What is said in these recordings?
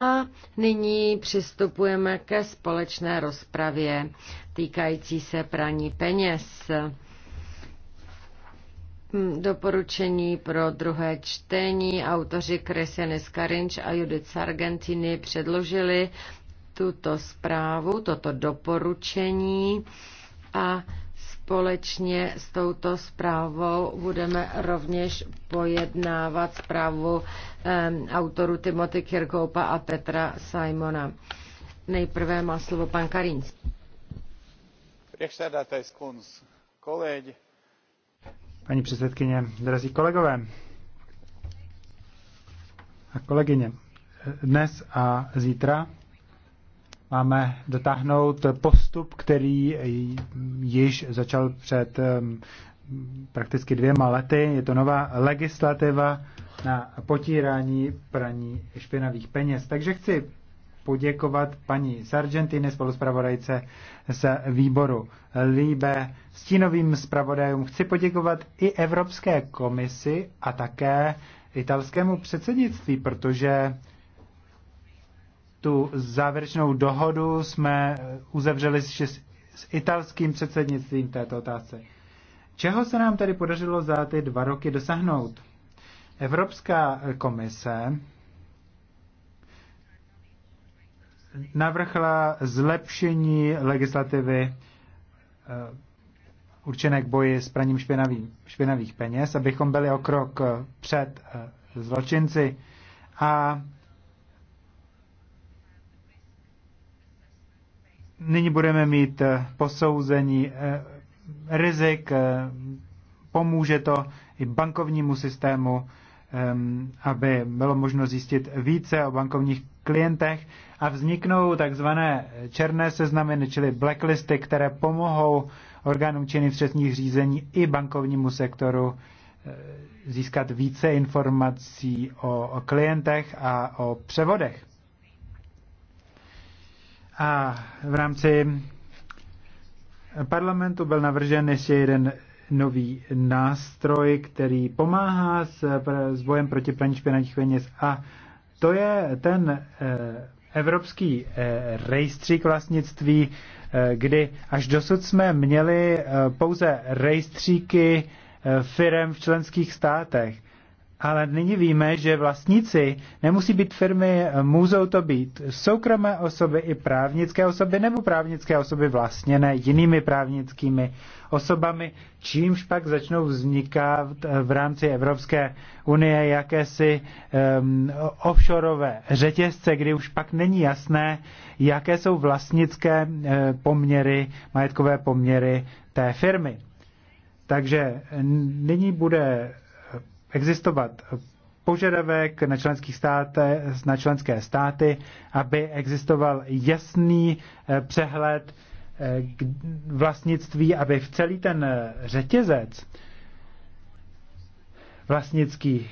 A nyní přistupujeme ke společné rozpravě týkající se praní peněz. Hmm, doporučení pro druhé čtení autoři Kresiany Skarinč a Judith Sargentini předložili tuto zprávu, toto doporučení a Společně s touto zprávou budeme rovněž pojednávat zprávu um, autorů Timothy Kirkoupa a Petra Simona. Nejprve má slovo pan Karinc. Paní předsedkyně, drazí kolegové a kolegyně, dnes a zítra máme dotáhnout postup, který již začal před prakticky dvěma lety. Je to nová legislativa na potírání praní špinavých peněz. Takže chci poděkovat paní Sargentini, spoluzpravodajce z výboru Líbe, stínovým zpravodajům. Chci poděkovat i Evropské komisi a také italskému předsednictví, protože tu závěrečnou dohodu jsme uzavřeli s, s italským předsednictvím této otázce. Čeho se nám tedy podařilo za ty dva roky dosáhnout? Evropská komise navrhla zlepšení legislativy eh, určené k boji s praním špinavý, špinavých peněz, abychom byli o krok eh, před eh, zločinci. A Nyní budeme mít eh, posouzení eh, rizik, eh, pomůže to i bankovnímu systému, ehm, aby bylo možno zjistit více o bankovních klientech a vzniknou takzvané černé seznamy, čili blacklisty, které pomohou orgánům činným v řízení i bankovnímu sektoru získat více informací o klientech a o převodech. A v rámci parlamentu byl navržen ještě jeden nový nástroj, který pomáhá s, s bojem proti praní špinavých peněz a to je ten eh, evropský eh, rejstřík vlastnictví, eh, kdy až dosud jsme měli pouze rejstříky firem v členských státech. Ale nyní víme, že vlastníci nemusí být firmy, můžou to být soukromé osoby i právnické osoby nebo právnické osoby vlastněné jinými právnickými osobami, čímž pak začnou vznikat eh, v rámci Evropské unie jakési um, offshoreové řetězce, kdy už pak není jasné, jaké jsou vlastnické eh, poměry, majetkové poměry té firmy. Takže nyní bude existovat požadavek na, členských státe, na členské státy, aby existoval jasný eh, přehled eh, vlastnictví, aby v celý ten eh, řetězec vlastnický,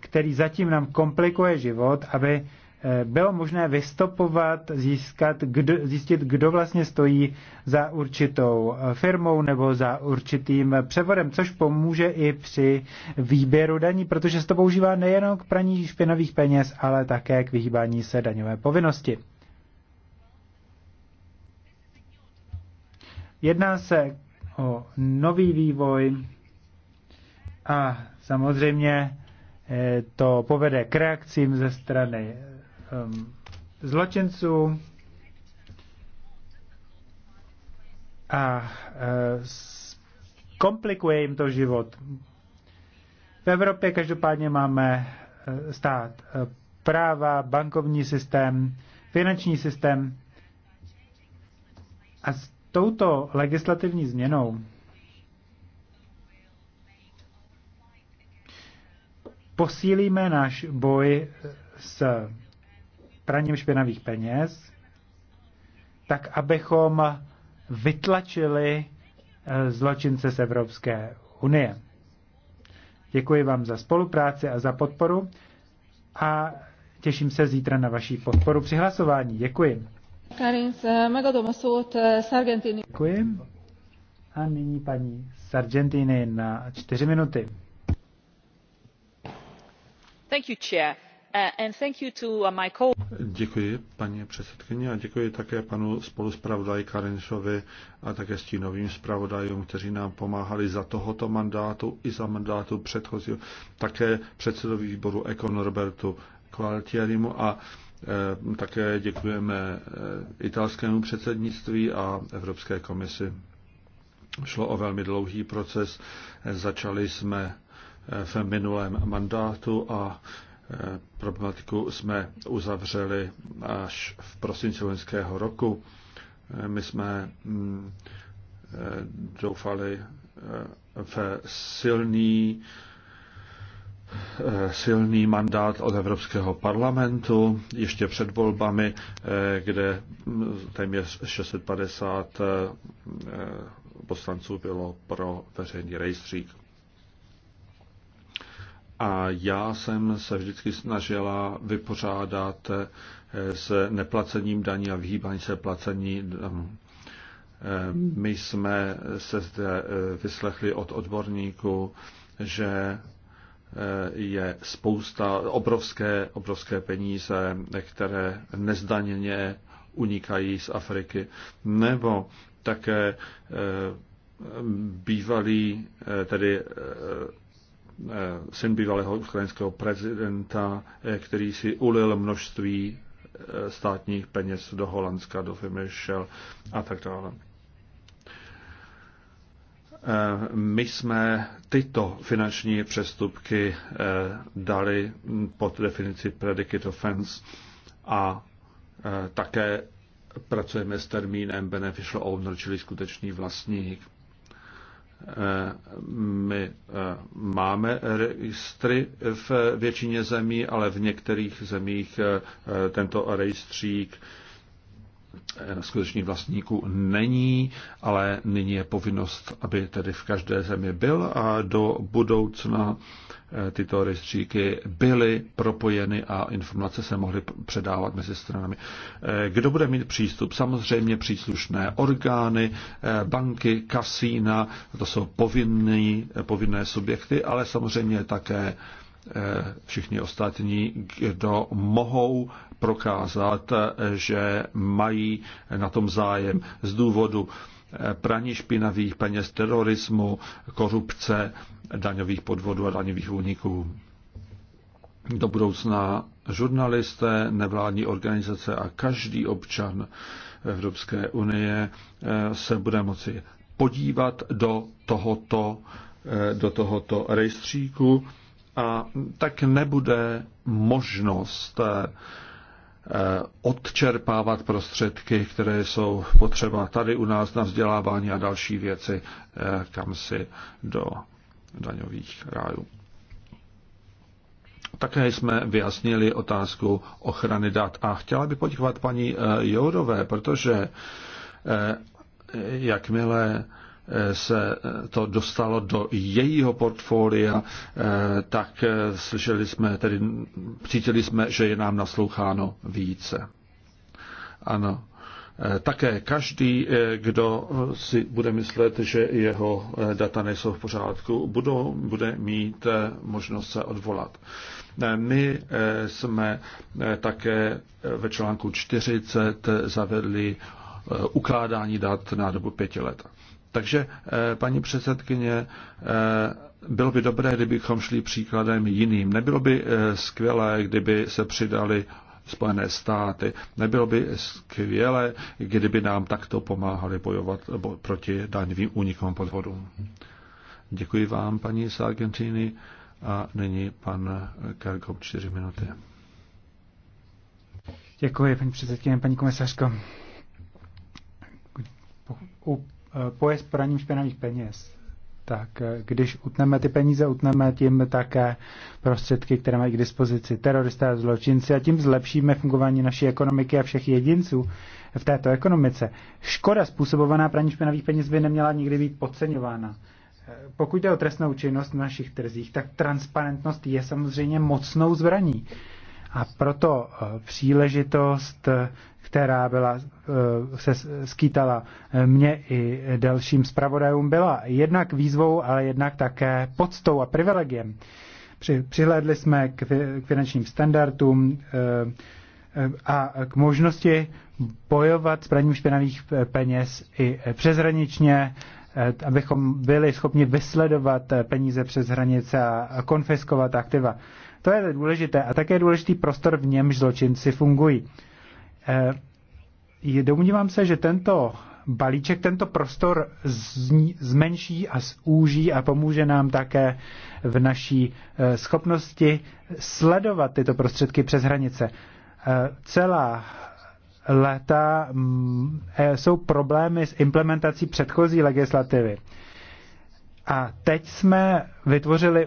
který zatím nám komplikuje život, aby Eh, bylo možné vystopovat, získat, kdo, zjistit, kdo vlastně stojí za určitou eh, firmou nebo za určitým eh, převodem, což pomůže i při výběru daní, protože se to používá nejenom k praní špinavých peněz, ale také k vyhýbání se daňové povinnosti. Jedná se o nový vývoj a samozřejmě to povede k reakcím ze strany Ehm, zločinců a eh, komplikuje jim to život. V Evropě každopádně máme eh, stát eh, práva, bankovní systém, finanční systém. A s touto legislativní změnou posílíme náš boj s praním špinavých peněz, tak abychom vytlačili eh, zločince z Evropské unie. Děkuji vám za spolupráci a za podporu a těším se zítra na vaší podporu při hlasování. Děkuji. Eh, Děkuji. A nyní paní Sargentini na čtyři minuty. Thank you, Chair. Uh, uh, děkuji, paní předsedkyně, a děkuji také panu spoluspravodaji Karinšovi a také stínovým zpravodajům, kteří nám pomáhali za tohoto mandátu i za mandátu předchozího, také předsedovi výboru Ekon Robertu Kvaltierimu a eh, také děkujeme eh, italskému předsednictví a Evropské komisi. Šlo o velmi dlouhý proces. Eh, začali jsme v minulém mandátu a Eh, problematiku jsme uzavřeli až v prosinci loňského roku. Eh, my jsme mm, eh, doufali v silný, silný mandát od Evropského parlamentu ještě před volbami, kde mm, téměř 650 poslanců bylo pro veřejný rejstřík. A já jsem se vždycky snažila vypořádat eh, s neplacením daní a vyhýbání se placení. Eh, my jsme se zde eh, vyslechli od odborníků, že je spousta obrovské, obrovské peníze, které nezdaněně unikají z Afriky. Nebo také bývalý, tedy Eh, syn bývalého ukrajinského prezidenta, eh, který si ulil množství eh, státních peněz do Holandska, do firmy Shell a tak dále. My jsme tyto finanční přestupky dali pod definici predicate offense a také pracujeme s termínem beneficial owner, čili skutečný vlastník. Eh, my eh, máme registry v většině zemí, ale v některých zemích eh, tento rejstřík Eh, skutečných vlastníků není, ale nyní je povinnost, aby tedy v každé zemi byl a do budoucna eh, tyto rejstříky byly propojeny a informace se mohly předávat mezi stranami. Eh, kdo bude mít přístup? Samozřejmě příslušné orgány, banky, kasína, to jsou povinný, povinné subjekty, ale samozřejmě také všichni ostatní, kdo mohou prokázat, že mají na tom zájem z důvodu eh, praní špinavých peněz, terorismu, korupce, daňových podvodů a daňových úniků. Do budoucna žurnalisté, nevládní organizace a každý občan Evropské unie eh, se bude moci podívat do tohoto, eh, do tohoto rejstříku a tak nebude možnost Eh, odčerpávat prostředky, které jsou potřeba tady u nás na vzdělávání a další věci, eh, kam si do daňových rájů. Také jsme vyjasnili otázku ochrany dat a chtěla bych poděkovat paní eh, Jourové, protože jakmile se to dostalo do jejího portfolia, eh, tak eh, slyšeli jsme, tedy cítili jsme, že je nám nasloucháno více. Ano. Eh, také každý, kdo si bude myslet, že jeho data nejsou v pořádku, budou, bude mít možnost se odvolat. My jsme také ve článku 40 zavedli ukládání dat na dobu pěti let. Takže, eh, paní předsedkyně, eh, bylo by dobré, kdybychom šli příkladem jiným. Nebylo by eh, skvělé, kdyby se přidali Spojené státy. Nebylo by skvělé, kdyby nám takto pomáhali bojovat proti daňovým únikům podvodům. Děkuji vám, paní z Argentiny. A nyní pan Kerkop, čtyři minuty. Děkuji, paní předsedkyně, paní komisařko. Eh, pojezd praním špinavých peněz, tak eh, když utneme ty peníze, utneme tím také prostředky, které mají k dispozici teroristé a zločinci a tím zlepšíme fungování naší ekonomiky a všech jedinců v této ekonomice. Škoda způsobovaná praním špinavých peněz by neměla nikdy být podceňována. Eh, pokud jde o trestnou činnost v našich trzích, tak transparentnost je samozřejmě mocnou zbraní. A proto příležitost která byla, eh, se skýtala eh, mě i dalším zpravodajům, byla jednak výzvou, ale jednak také podstou a privilegiem. Při, přihlédli jsme k, k finančním standardům eh, a k možnosti bojovat s praním špinavých peněz i přeshraničně, abychom byli schopni vysledovat peníze přes hranice a konfiskovat aktiva. To je důležité a také důležitý prostor, v němž zločinci fungují. Eh, domnívám se, že tento balíček tento prostor zmenší a zúží a pomůže nám také v naší eh, schopnosti sledovat tyto prostředky přes hranice. Eh, celá léta mm, jsou problémy s implementací předchozí legislativy. A teď jsme vytvořili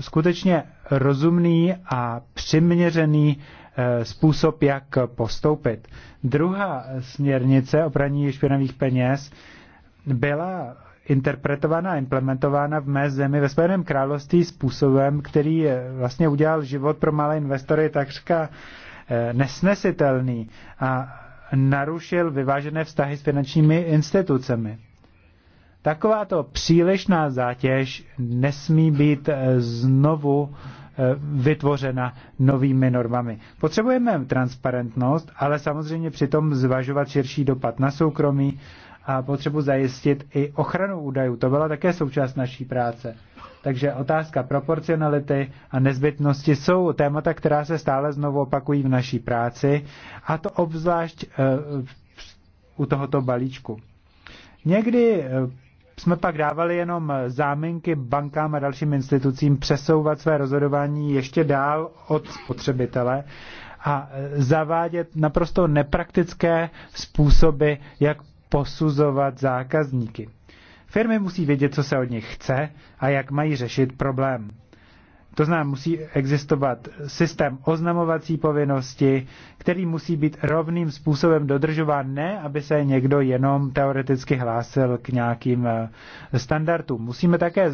skutečně rozumný a přiměřený Eh, způsob, jak postoupit. Druhá směrnice o praní špinavých peněz byla interpretována a implementována v mé zemi ve Spojeném království způsobem, který vlastně udělal život pro malé investory takřka eh, nesnesitelný a narušil vyvážené vztahy s finančními institucemi. Takováto přílišná zátěž nesmí být eh, znovu Eh, vytvořena novými normami. Potřebujeme transparentnost, ale samozřejmě přitom zvažovat širší dopad na soukromí a potřebu zajistit i ochranu údajů. To byla také součást naší práce. Takže otázka proporcionality a nezbytnosti jsou témata, která se stále znovu opakují v naší práci, a to obzvlášť eh, u tohoto balíčku. Někdy eh, jsme pak dávali jenom záminky bankám a dalším institucím přesouvat své rozhodování ještě dál od spotřebitele a zavádět naprosto nepraktické způsoby, jak posuzovat zákazníky. Firmy musí vědět, co se od nich chce a jak mají řešit problém. To znamená, musí existovat systém oznamovací povinnosti, který musí být rovným způsobem dodržován, ne aby se někdo jenom teoreticky hlásil k nějakým eh, standardům. Musíme také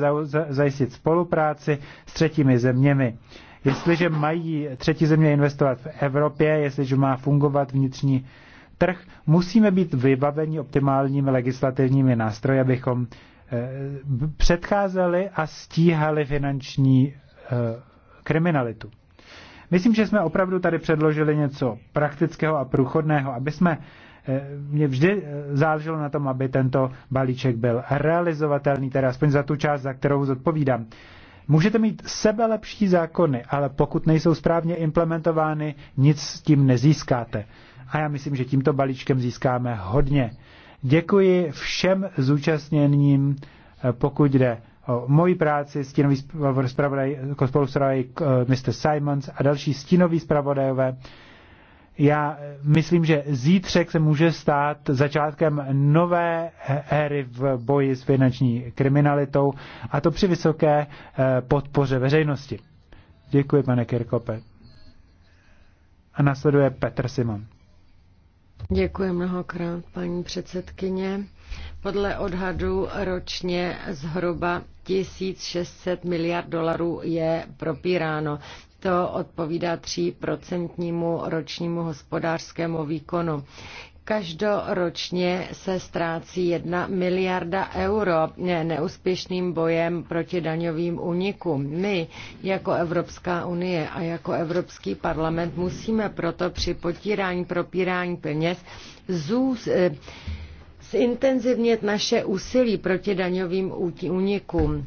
zajistit spolupráci s třetími zeměmi. Jestliže mají třetí země investovat v Evropě, jestliže má fungovat vnitřní trh, musíme být vybaveni optimálními legislativními nástroji, abychom eh, předcházeli a stíhali finanční Eh, kriminalitu. Myslím, že jsme opravdu tady předložili něco praktického a průchodného, aby jsme eh, mě vždy eh, záleželo na tom, aby tento balíček byl realizovatelný, tedy aspoň za tu část, za kterou zodpovídám. Můžete mít sebelepší zákony, ale pokud nejsou správně implementovány, nic s tím nezískáte. A já myslím, že tímto balíčkem získáme hodně. Děkuji všem zúčastněným, pokud jde moji práci, stínový zpravodaj, jako spoluzpravodaj eh, Mr. Simons a další stínový zpravodajové. Já eh, myslím, že zítřek se může stát začátkem nové éry v boji s finanční kriminalitou a to při vysoké eh, podpoře veřejnosti. Děkuji, pane Kirkope. A nasleduje Petr Simon. Děkuji mnohokrát, paní předsedkyně. Podle odhadu ročně zhruba 1600 miliard dolarů je propíráno. To odpovídá 3% ročnímu hospodářskému výkonu. Každoročně se ztrácí jedna miliarda euro neúspěšným bojem proti daňovým únikům. My jako Evropská unie a jako Evropský parlament musíme proto při potírání propírání peněz zůz, eh, zintenzivnit naše úsilí proti daňovým únikům.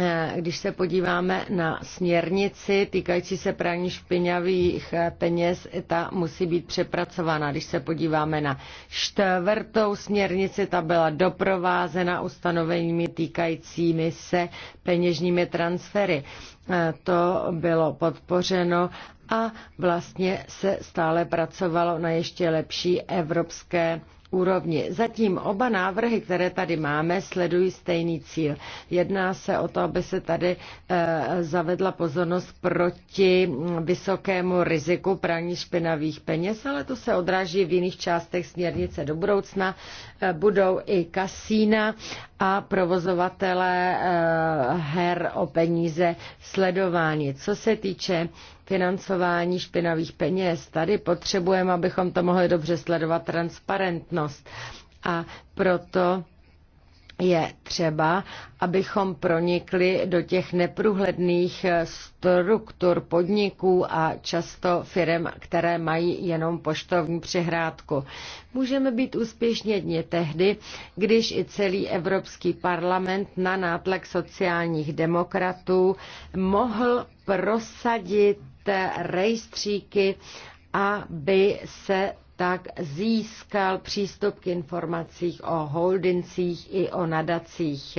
Eh, když se podíváme na směrnici týkající se praní špinavých eh, peněz, ta musí být přepracována. Když se podíváme na čtvrtou směrnici, ta byla doprovázena ustanoveními týkajícími se peněžními transfery. Eh, to bylo podpořeno a vlastně se stále pracovalo na ještě lepší evropské úrovni. Zatím oba návrhy, které tady máme, sledují stejný cíl. Jedná se o to, aby se tady e, zavedla pozornost proti vysokému riziku praní špinavých peněz, ale to se odráží v jiných částech směrnice do budoucna. E, budou i kasína a provozovatele e, eh, her o peníze sledování. Co se týče e, financování špinavých peněz. Tady potřebujeme, abychom to mohli dobře sledovat, transparentnost. A proto je třeba, abychom pronikli do těch neprůhledných eh, struktur podniků a často firm, které mají jenom poštovní přehrádku. Můžeme být úspěšně dně tehdy, když i celý Evropský parlament na nátlak sociálních demokratů mohl prosadit rejstříky, aby se tak získal přístup k informacích o holdincích i o nadacích.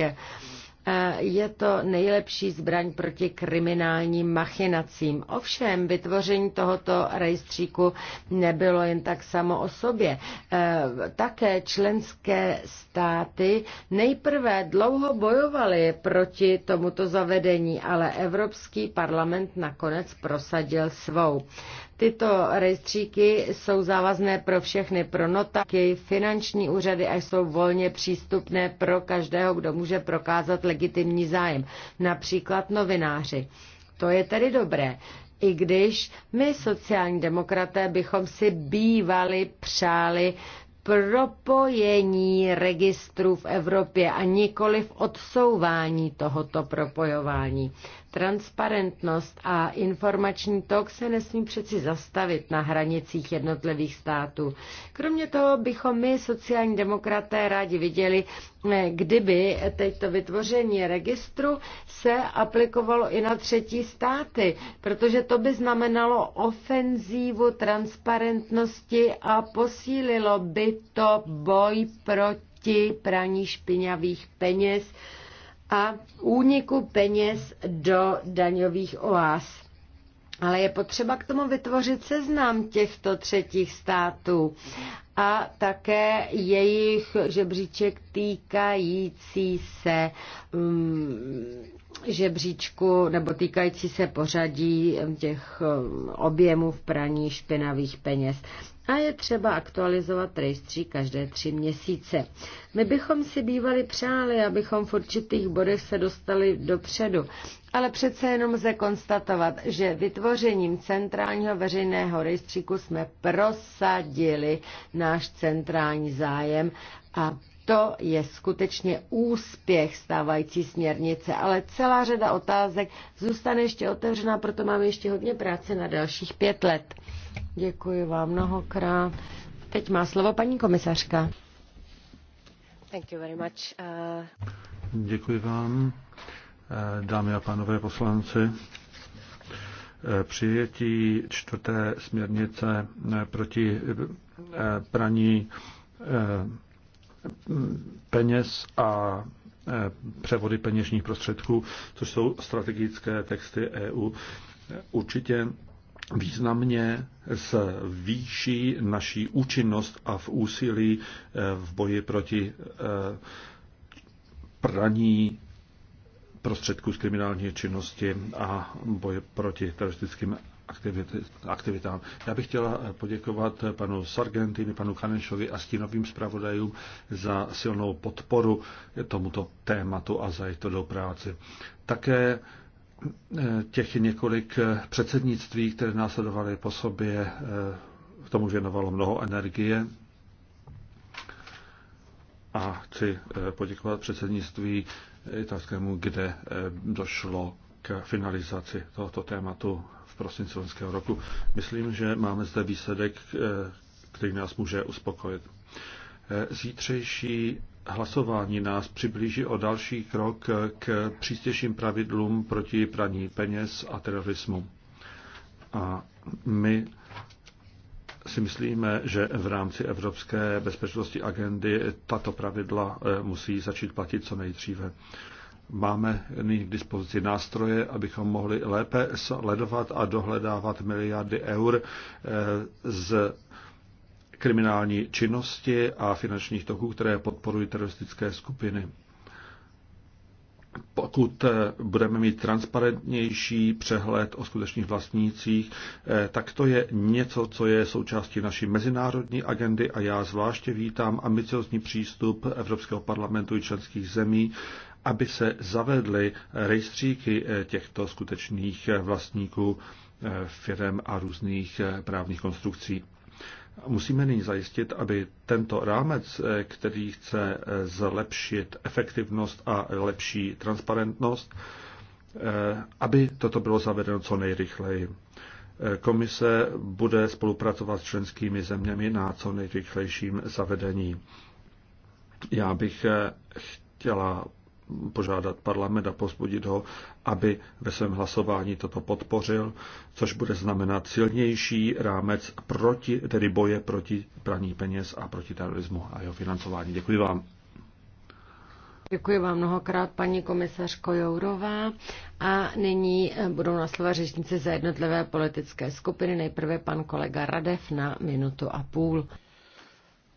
Eh, je to nejlepší zbraň proti kriminálním machinacím. Ovšem, vytvoření tohoto rejstříku nebylo jen tak samo o sobě. Eh, také členské státy nejprve dlouho bojovaly proti tomuto zavedení, ale Evropský parlament nakonec prosadil svou. Tyto rejstříky jsou závazné pro všechny, pro notaky, finanční úřady a jsou volně přístupné pro každého, kdo může prokázat legitimní zájem, například novináři. To je tedy dobré. I když my, sociální demokraté, bychom si bývali přáli propojení registrů v Evropě a nikoli v odsouvání tohoto propojování. Transparentnost a informační tok se nesmí přeci zastavit na hranicích jednotlivých států. Kromě toho bychom my, sociální demokraté, rádi viděli, eh, kdyby teď to vytvoření registru se aplikovalo i na třetí státy, protože to by znamenalo ofenzívu transparentnosti a posílilo by to boj proti praní špinavých peněz a úniku peněz do daňových oáz. Ale je potřeba k tomu vytvořit seznam těchto třetích států a také jejich žebříček týkající se um, žebříčku nebo týkající se pořadí mm, těch um, mm, objemů v praní špinavých peněz. A je třeba aktualizovat rejstří každé tři měsíce. My bychom si bývali přáli, abychom v určitých bodech se dostali dopředu, ale přece jenom lze konstatovat, že vytvořením centrálního veřejného rejstříku jsme prosadili náš centrální zájem a to je skutečně úspěch stávající směrnice, ale celá řada otázek zůstane ještě otevřená, proto máme ještě hodně práce na dalších pět let. Děkuji vám mnohokrát. Teď má slovo paní komisařka. Thank you very much. Uh... Děkuji vám. Eh, dámy a pánové poslanci, eh, přijetí čtvrté směrnice eh, proti praní peněz a převody peněžních prostředků, což jsou strategické texty EU, určitě významně zvýší naší účinnost a v úsilí v boji proti praní prostředků z kriminální činnosti a boje proti teroristickým aktivitám. Já bych chtěla poděkovat panu Sargentini, panu Kanešovi a stínovým zpravodajům za silnou podporu tomuto tématu a za jejich do práci. Také eh, těch několik předsednictví, které následovaly po sobě, k eh, tomu věnovalo mnoho energie. A chci eh, poděkovat předsednictví italskému, kde eh, došlo k finalizaci tohoto tématu v prosinci loňského roku. Myslím, že máme zde výsledek, eh, který nás může uspokojit. Eh, zítřejší hlasování nás přiblíží o další krok k přístějším pravidlům proti praní peněz a terorismu. A my si myslíme, že v rámci Evropské bezpečnostní agendy tato pravidla eh, musí začít platit co nejdříve. Máme nyní k dispozici nástroje, abychom mohli lépe sledovat a dohledávat miliardy eur eh, z kriminální činnosti a finančních toků, které podporují teroristické skupiny pokud eh, budeme mít transparentnější přehled o skutečných vlastnících, eh, tak to je něco, co je součástí naší mezinárodní agendy a já zvláště vítám ambiciozní přístup Evropského parlamentu i členských zemí, aby se zavedly rejstříky eh, těchto skutečných vlastníků firm a různých právních konstrukcí. Musíme nyní zajistit, aby tento rámec, eh, který chce eh, zlepšit efektivnost a lepší transparentnost, eh, aby toto bylo zavedeno co nejrychleji. Komise bude spolupracovat s členskými zeměmi na co nejrychlejším zavedení. Já bych chtěla požádat parlament a pozbudit ho, aby ve svém hlasování toto podpořil, což bude znamenat silnější rámec proti, tedy boje proti praní peněz a proti terorismu a jeho financování. Děkuji vám. Děkuji vám mnohokrát, paní komisařko Jourová. A nyní eh, budou na slova řečníci za jednotlivé politické skupiny. Nejprve pan kolega Radev na minutu a půl.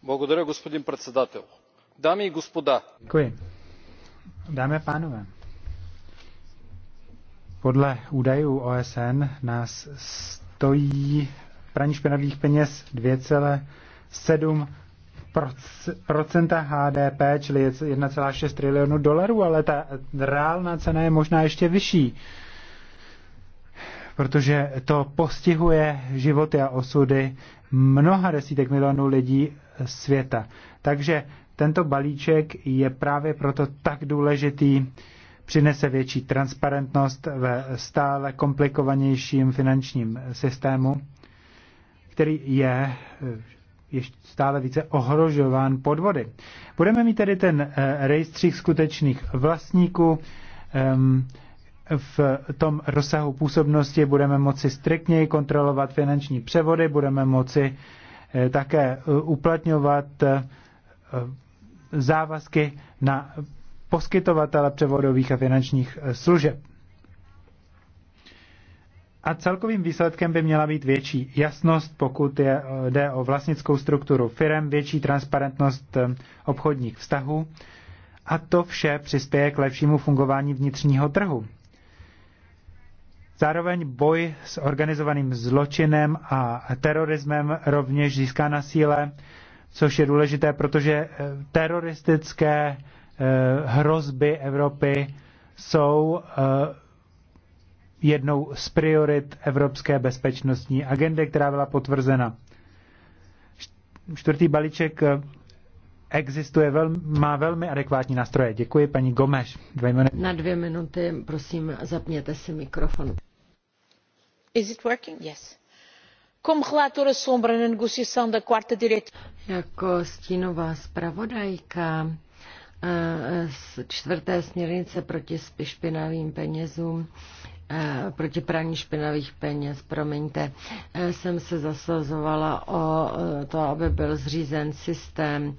Благодаря, господин předsedatel. Dámy i господа. Děkuji. Dámy a pánové, podle údajů OSN nás stojí praní špinavých peněz 2,7 procenta HDP, čili 1,6 trilionu dolarů, ale ta reálná cena je možná ještě vyšší, protože to postihuje životy a osudy mnoha desítek milionů lidí světa. Takže tento balíček je právě proto tak důležitý, přinese větší transparentnost ve stále komplikovanějším finančním systému, který je eh, ještě stále více ohrožován podvody. Budeme mít tedy ten eh, rejstřík skutečných vlastníků. Ehm, v tom rozsahu působnosti budeme moci striktněji kontrolovat finanční převody, budeme moci eh, také uplatňovat závazky na poskytovatele převodových a finančních eh, služeb. A celkovým výsledkem by měla být větší jasnost, pokud je, eh, jde o vlastnickou strukturu firm, větší transparentnost eh, obchodních vztahů a to vše přispěje k lepšímu fungování vnitřního trhu. Zároveň boj s organizovaným zločinem a terorismem rovněž získá na síle což je důležité, protože eh, teroristické eh, hrozby Evropy jsou eh, jednou z priorit Evropské bezpečnostní agendy, která byla potvrzena. Čtvrtý balíček existuje, má velmi adekvátní nástroje. Děkuji, paní Gomeš. Dvě minuty. Na dvě minuty, prosím, zapněte si mikrofon. Is it working? Yes. Jako stínová zpravodajka eh, čtvrté směrnice proti špinavým penězům eh, proti praní špinavých peněz, promiňte, eh, jsem se zasazovala o to, aby byl zřízen systém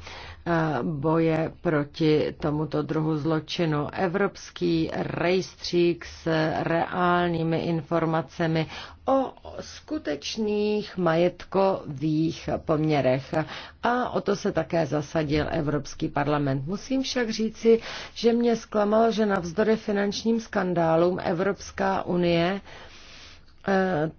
boje proti tomuto druhu zločinu. Evropský rejstřík s reálnými informacemi o skutečných majetkových poměrech. A o to se také zasadil Evropský parlament. Musím však říci, že mě zklamalo, že navzdory finančním skandálům Evropská unie eh,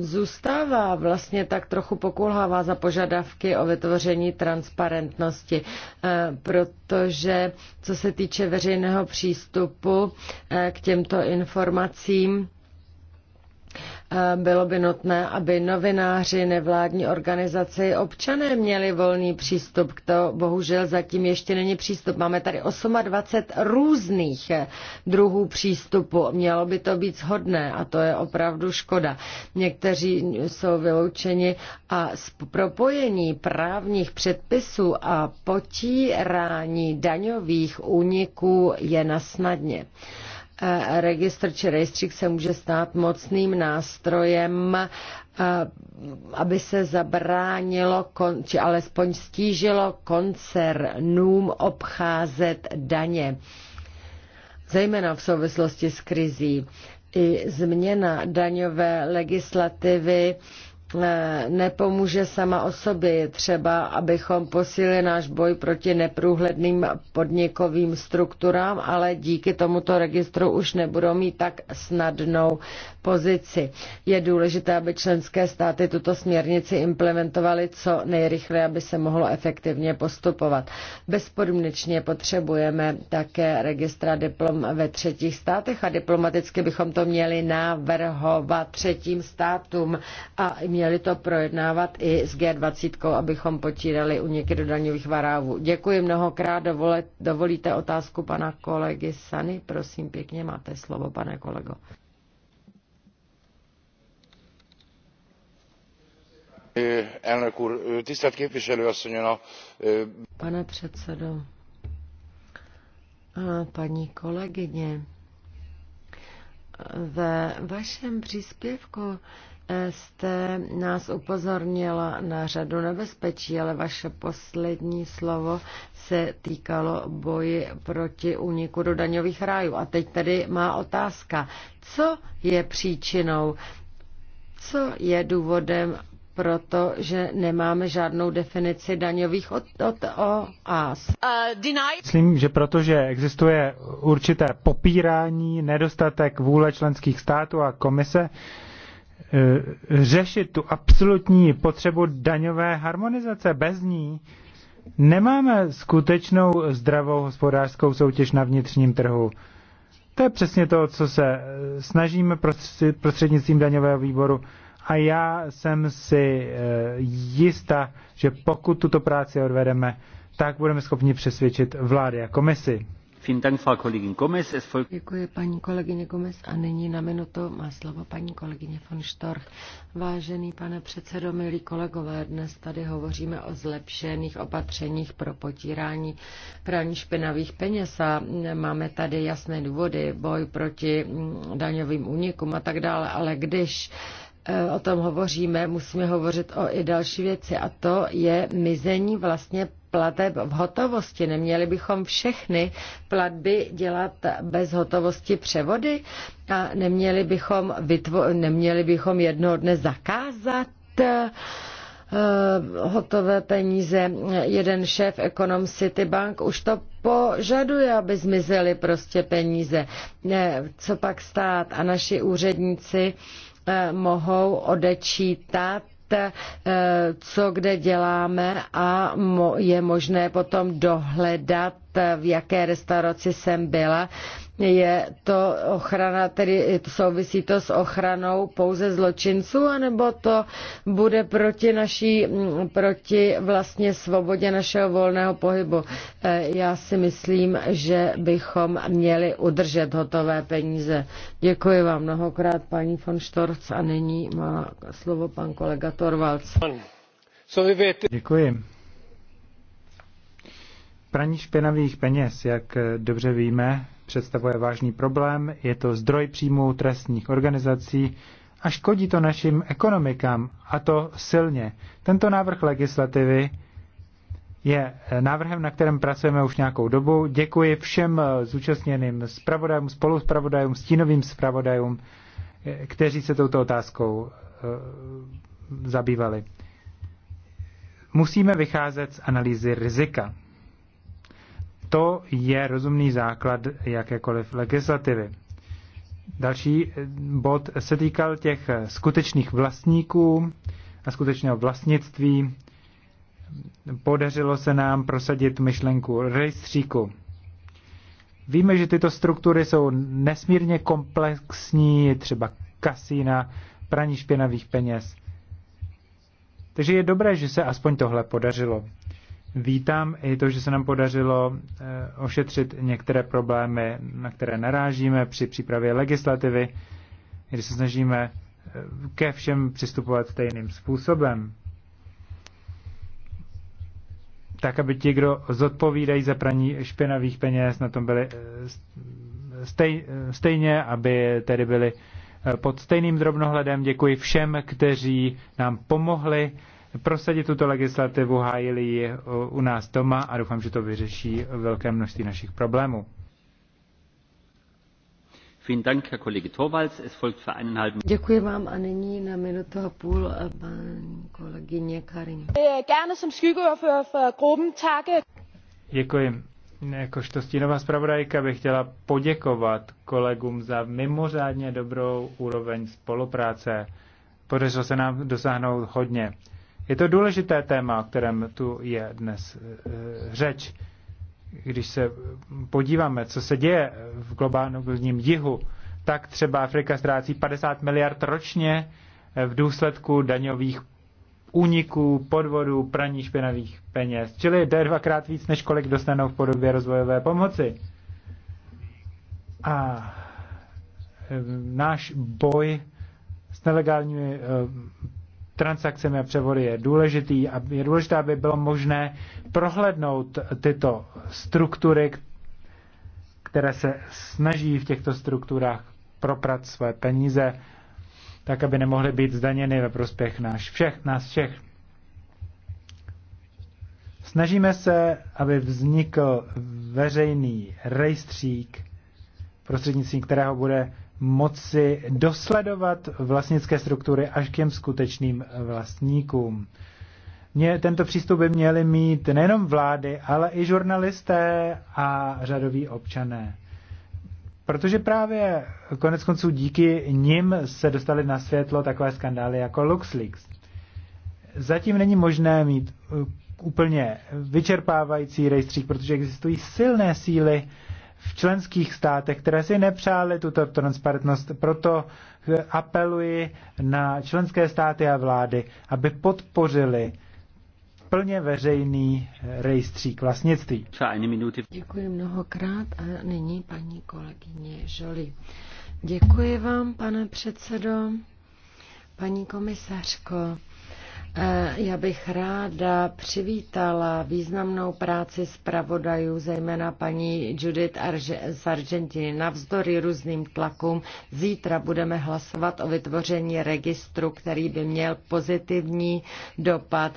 zůstává vlastně tak trochu pokulhává za požadavky o vytvoření transparentnosti, eh, protože co se týče veřejného přístupu eh, k těmto informacím, bylo by nutné, aby novináři, nevládní organizace i občané měli volný přístup. K to bohužel zatím ještě není přístup. Máme tady 28 různých druhů přístupu. Mělo by to být shodné a to je opravdu škoda. Někteří jsou vyloučeni a propojení právních předpisů a potírání daňových úniků je nasnadně. Eh, registr či rejstřík se může stát mocným nástrojem, eh, aby se zabránilo, či alespoň stížilo koncernům obcházet daně. Zejména v souvislosti s krizí. I změna daňové legislativy nepomůže sama o sobě. Je třeba, abychom posílili náš boj proti neprůhledným podnikovým strukturám, ale díky tomuto registru už nebudou mít tak snadnou pozici. Je důležité, aby členské státy tuto směrnici implementovaly co nejrychleji, aby se mohlo efektivně postupovat. Bezpodmínečně potřebujeme také registra diplom ve třetích státech a diplomaticky bychom to měli navrhovat třetím státům a měli to projednávat i s G20, abychom počírali uniky do daňových varávů. Děkuji mnohokrát, Dovole, dovolíte otázku pana kolegy Sany, prosím pěkně, máte slovo, pane kolego. Pane předsedo, paní kolegyně, ve vašem příspěvku jste nás upozornila na řadu nebezpečí, ale vaše poslední slovo se týkalo boji proti úniku do daňových rájů. A teď tady má otázka. Co je příčinou? Co je důvodem proto, že nemáme žádnou definici daňových od, od OAS. Uh, Myslím, že protože existuje určité popírání, nedostatek vůle členských států a komise, Eh, řešit tu absolutní potřebu daňové harmonizace. Bez ní nemáme skutečnou zdravou hospodářskou soutěž na vnitřním trhu. To je přesně to, co se eh, snažíme prostřednictvím daňového výboru. A já jsem si eh, jista, že pokud tuto práci odvedeme, tak budeme schopni přesvědčit vlády a komisi. Děkuji paní kolegyně Gomez a nyní na minutu má slovo paní kolegyně von Storch. Vážený pane předsedo, milí kolegové, dnes tady hovoříme o zlepšených opatřeních pro potírání praní špinavých peněz a máme tady jasné důvody, boj proti mm, daňovým únikům a tak dále, ale když Eh, o tom hovoříme, musíme hovořit o i další věci a to je mizení vlastně plateb v hotovosti. Neměli bychom všechny platby dělat bez hotovosti převody a neměli bychom, vytvo- neměli bychom jednoho dne zakázat eh, hotové peníze. Jeden šéf ekonom Citibank už to požaduje, aby zmizely prostě peníze. Co pak stát a naši úředníci mohou odečítat eh, co kde děláme a je možné potom dohledat, eh, v jaké restauraci jsem byla je to ochrana, tedy souvisí to s ochranou pouze zločinců, anebo to bude proti naší, mm, proti vlastně svobodě našeho volného pohybu? E, já si myslím, že bychom měli udržet hotové peníze. Děkuji vám mnohokrát, paní von Štorc, a nyní má slovo pan kolega Torvalds. Děkuji. Praní špinavých peněz, jak e, dobře víme, představuje vážný problém, je to zdroj příjmů trestních organizací a škodí to našim ekonomikám, a to silně. Tento návrh legislativy je návrhem, na kterém pracujeme už nějakou dobu. Děkuji všem zúčastněným spravodajům, spoluspravodajům, stínovým spravodajům, kteří se touto otázkou eh, zabývali. Musíme vycházet z analýzy rizika. To je rozumný základ jakékoliv legislativy. Další eh, bod se týkal těch eh, skutečných vlastníků a skutečného vlastnictví. Podařilo se nám prosadit myšlenku rejstříku. Víme, že tyto struktury jsou nesmírně komplexní, třeba kasína, praní špinavých peněz. Takže je dobré, že se aspoň tohle podařilo. Vítám i to, že se nám podařilo eh, ošetřit některé problémy, na které narážíme při přípravě legislativy, když se snažíme eh, ke všem přistupovat stejným způsobem. Tak, aby ti, kdo zodpovídají za praní špinavých peněz, na tom byli eh, stej, stejně, aby tedy byli pod stejným drobnohledem. Děkuji všem, kteří nám pomohli prosadit tuto legislativu, hájili ji eh, u nás doma a doufám, že to vyřeší velké množství našich problémů. Děkuji vám a nyní na minutu a půl eh, pan kolegyně Karin. Eh, Děkuji. Jako stínová zpravodajka bych chtěla poděkovat kolegům za mimořádně dobrou úroveň spolupráce. Podařilo se nám dosáhnout hodně. Je to důležité téma, o kterém tu je dnes eh, řeč. Když se podíváme, co se děje v globálním jihu, tak třeba Afrika ztrácí 50 miliard ročně eh, v důsledku daňových úniků, podvodů, praní špinavých peněz. Čili jde dvakrát víc, než kolik dostanou v podobě rozvojové pomoci. A eh, náš boj s nelegálními transakcemi a převody je důležitý a je důležité, aby bylo možné prohlednout tyto struktury, které se snaží v těchto strukturách proprat své peníze, tak aby nemohly být zdaněny ve prospěch nás všech. Nás všech. Snažíme se, aby vznikl veřejný rejstřík, prostřednictvím kterého bude moci dosledovat vlastnické struktury až k těm skutečným eh, vlastníkům. Mě, tento přístup by měly mít nejenom vlády, ale i žurnalisté a řadoví občané. Protože právě konec konců díky nim se dostaly na světlo takové skandály jako LuxLeaks. Zatím není možné mít eh, úplně vyčerpávající rejstřík, protože existují silné síly, v členských státech, které si nepřáli tuto transparentnost. Proto apeluji na členské státy a vlády, aby podpořili plně veřejný rejstřík vlastnictví. Děkuji mnohokrát a nyní paní kolegyně Žoli. Děkuji vám, pane předsedo, paní komisařko. Eh, já bych ráda přivítala významnou práci zpravodajů, zejména paní Judith z Argentiny. Navzdory různým tlakům zítra budeme hlasovat o vytvoření registru, který by měl pozitivní dopad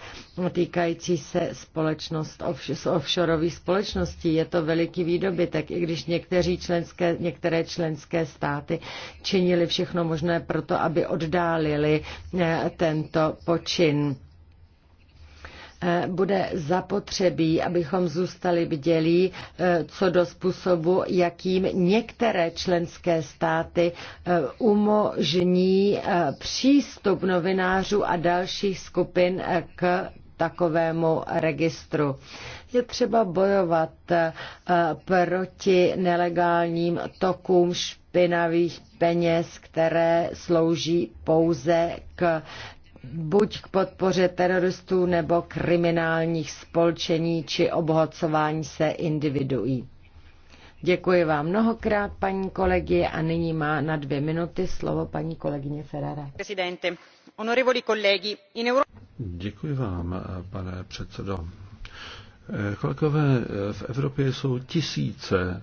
týkající se společnost z offshoreových společností. Je to veliký výdobytek, i když někteří členské, některé členské státy činili všechno možné proto, aby oddálili eh, tento počin E, bude zapotřebí, abychom zůstali bdělí e, co do způsobu, jakým některé členské státy e, umožní přístup novinářů a dalších skupin k takovému registru. Je třeba bojovat proti nelegálním tokům špinavých peněz, které slouží pouze k buď k podpoře teroristů nebo kriminálních spolčení či obohacování se individuí. Děkuji vám mnohokrát, paní kolegy, a nyní má na dvě minuty slovo paní kolegyně Ferrara. Děkuji vám, pane předsedo. Eh, kolegové, v Evropě jsou tisíce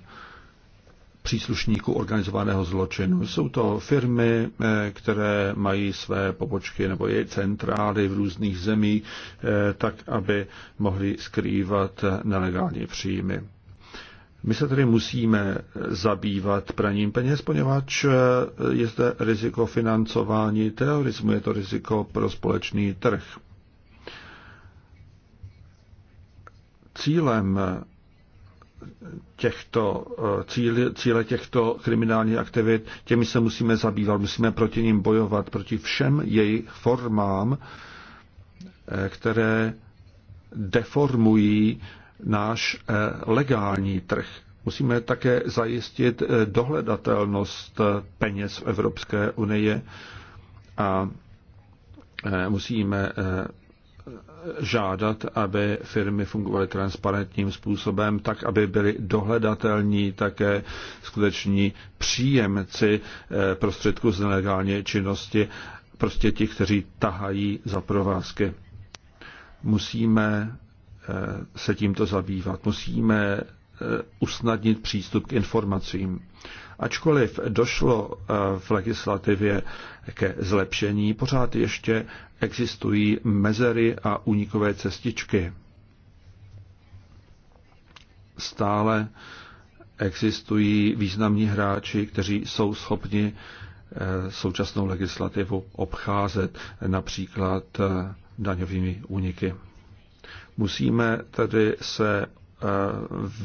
příslušníků organizovaného zločinu. Jsou to firmy, eh, které mají své pobočky nebo je centrály v různých zemích, eh, tak aby mohly skrývat nelegální příjmy. My se tedy musíme zabývat praním peněz, poněvadž eh, je zde riziko financování terorismu, je to riziko pro společný trh. Cílem těchto eh, cíle, cíle těchto kriminálních aktivit, těmi se musíme zabývat, musíme proti ním bojovat, proti všem jejich formám, eh, které deformují náš eh, legální trh. Musíme také zajistit dohledatelnost peněz v Evropské unii a musíme žádat, aby firmy fungovaly transparentním způsobem, tak aby byly dohledatelní také skuteční příjemci eh, prostředků z nelegální činnosti, prostě ti, kteří tahají za provázky. Musíme eh, se tímto zabývat, musíme eh, usnadnit přístup k informacím. Ačkoliv došlo eh, v legislativě ke zlepšení, pořád ještě existují mezery a unikové cestičky. Stále existují významní hráči, kteří jsou schopni eh, současnou legislativu obcházet, například eh, daňovými úniky. Musíme tedy se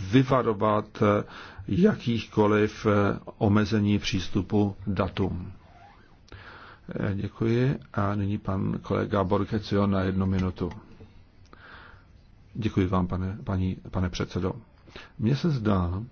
vyvarovat jakýchkoliv eh, omezení přístupu datum. Eh, děkuji a nyní pan kolega Borgecio na jednu minutu. Děkuji vám, pane, paní, pane předsedo. Mně se zdá,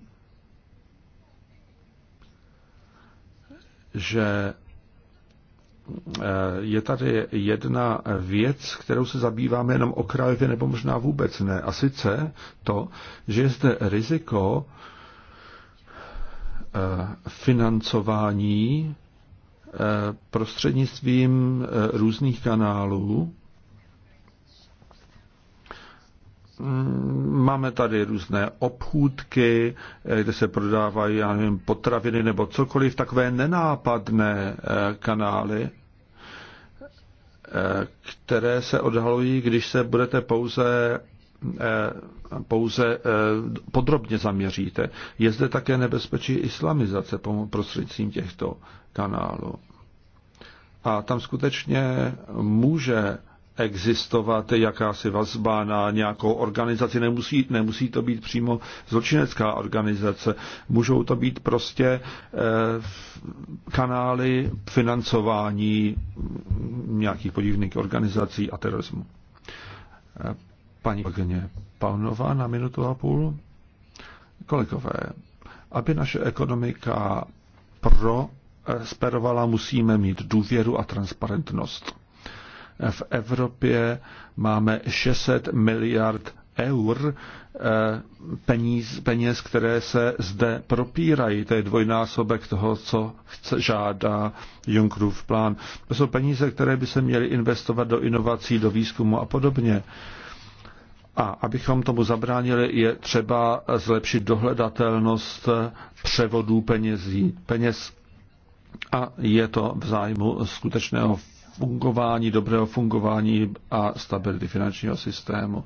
že eh, je tady jedna věc, kterou se zabýváme jenom okrajově nebo možná vůbec ne. A sice to, že je zde riziko, Eh, financování eh, prostřednictvím eh, různých kanálů. Mm, máme tady různé obchůdky, kde se prodávají já nevím, potraviny nebo cokoliv, takové nenápadné kanály, které se odhalují, když se budete pouze Eh, pouze eh, podrobně zaměříte. Je zde také nebezpečí islamizace prostřednictvím těchto kanálů. A tam skutečně může existovat jakási vazba na nějakou organizaci. Nemusí, nemusí to být přímo zločinecká organizace. Můžou to být prostě eh, kanály financování nějakých podivných organizací a terorismu. Eh, Paní kolegyně Paunová na minutu a půl. Kolegové, aby naše ekonomika prosperovala, musíme mít důvěru a transparentnost. V Evropě máme 600 miliard eur eh, peníz, peněz, které se zde propírají. To je dvojnásobek toho, co chce, žádá Junckerův plán. To jsou peníze, které by se měly investovat do inovací, do výzkumu a podobně. A abychom tomu zabránili, je třeba zlepšit dohledatelnost převodů penězí, peněz. A je to v zájmu skutečného fungování, dobrého fungování a stability finančního systému.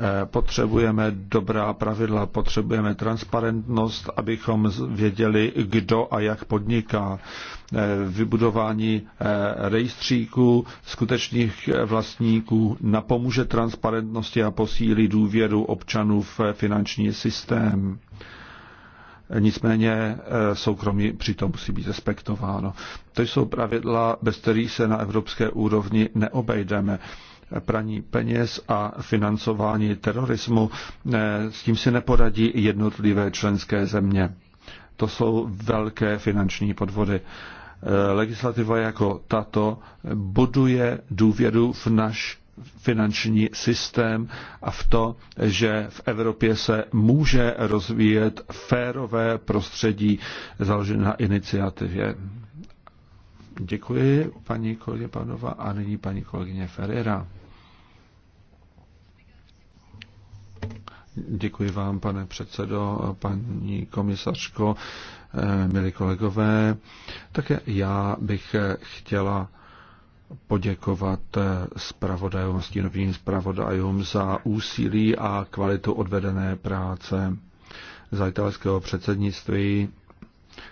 Eh, potřebujeme dobrá pravidla, potřebujeme transparentnost, abychom věděli, kdo a jak podniká. Eh, vybudování eh, rejstříků skutečných vlastníků napomůže transparentnosti a posílí důvěru občanů v finanční systém. Nicméně soukromí přitom musí být respektováno. To jsou pravidla, bez kterých se na evropské úrovni neobejdeme praní peněz a financování terorismu, eh, s tím si neporadí jednotlivé členské země. To jsou velké finanční podvody. Eh, legislativa jako tato buduje důvěru v naš finanční systém a v to, že v Evropě se může rozvíjet férové prostředí založené na iniciativě. Děkuji paní kolegyně Panova a nyní paní kolegyně Ferreira. Děkuji vám, pane předsedo, paní komisařko, eh, milí kolegové. Také já bych chtěla poděkovat spravodajům, eh, stínovým spravodajům za úsilí a kvalitu odvedené práce za italského předsednictví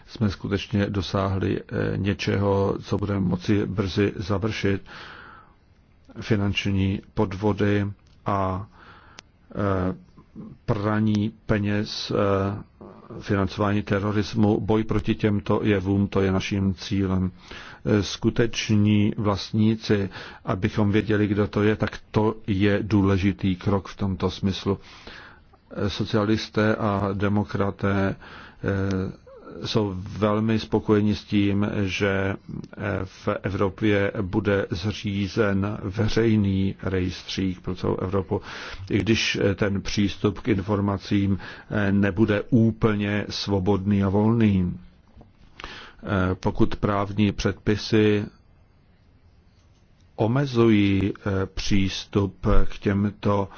jsme skutečně dosáhli eh, něčeho, co budeme moci brzy završit. Finanční podvody a eh, praní peněz, eh, financování terorismu, boj proti těmto jevům, to je naším cílem. Skuteční vlastníci, abychom věděli, kdo to je, tak to je důležitý krok v tomto smyslu. Socialisté a demokraté jsou velmi spokojeni s tím, že eh, v Evropě bude zřízen veřejný rejstřík pro celou Evropu, i když eh, ten přístup k informacím eh, nebude úplně svobodný a volný. Pokud právní předpisy omezují přístup k těmto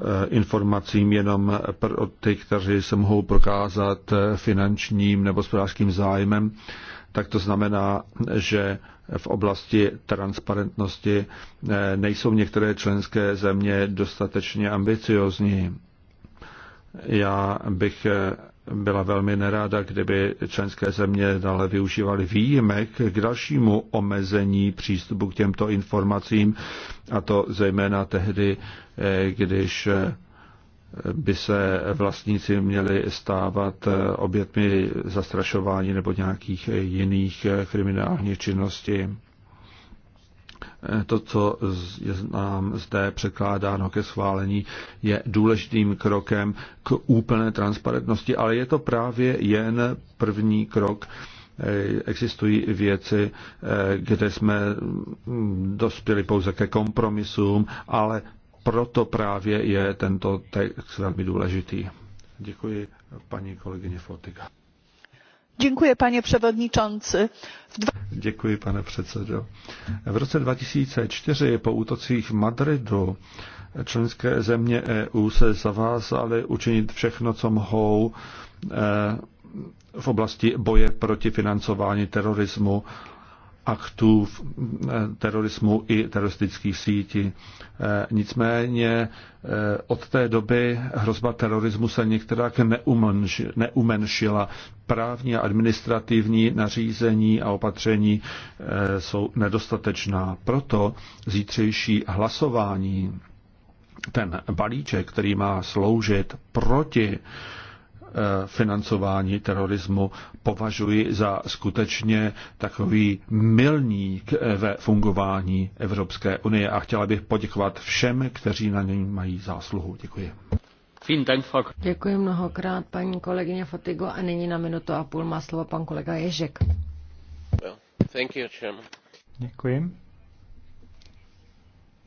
Eh, informacím jenom pro ty, kteří se mohou prokázat eh, finančním nebo hospodářským zájmem, tak to znamená, že v oblasti transparentnosti eh, nejsou některé členské země dostatečně ambiciozní. Já bych byla velmi neráda, kdyby členské země dále využívaly výjimek k dalšímu omezení přístupu k těmto informacím, a to zejména tehdy, eh, když eh, by se vlastníci měli stávat eh, obětmi zastrašování nebo nějakých jiných kriminálních činností. To, co je nám zde překládáno ke schválení, je důležitým krokem k úplné transparentnosti, ale je to právě jen první krok existují věci, kde jsme dospěli pouze ke kompromisům, ale proto právě je tento text velmi důležitý. Děkuji paní kolegyně Fotiga. Děkuji, pane předsedající. Děkuji, pane předsedo. V roce 2004 po útocích v Madridu členské země EU se zavázaly učinit všechno, co mohou eh, v oblasti boje proti financování terorismu aktů eh, terorismu i teroristických sítí. Eh, nicméně eh, od té doby hrozba terorismu se některá neumenšila. Právní a administrativní nařízení a opatření jsou nedostatečná. Proto zítřejší hlasování, ten balíček, který má sloužit proti Eh, financování terorismu považuji za skutečně takový milník eh, ve fungování Evropské unie a chtěla bych poděkovat všem, kteří na něj mají zásluhu. Děkuji. Děkuji mnohokrát, paní kolegyně Fatigo. A nyní na minutu a půl má slovo pan kolega Ježek. Thank you, Děkuji.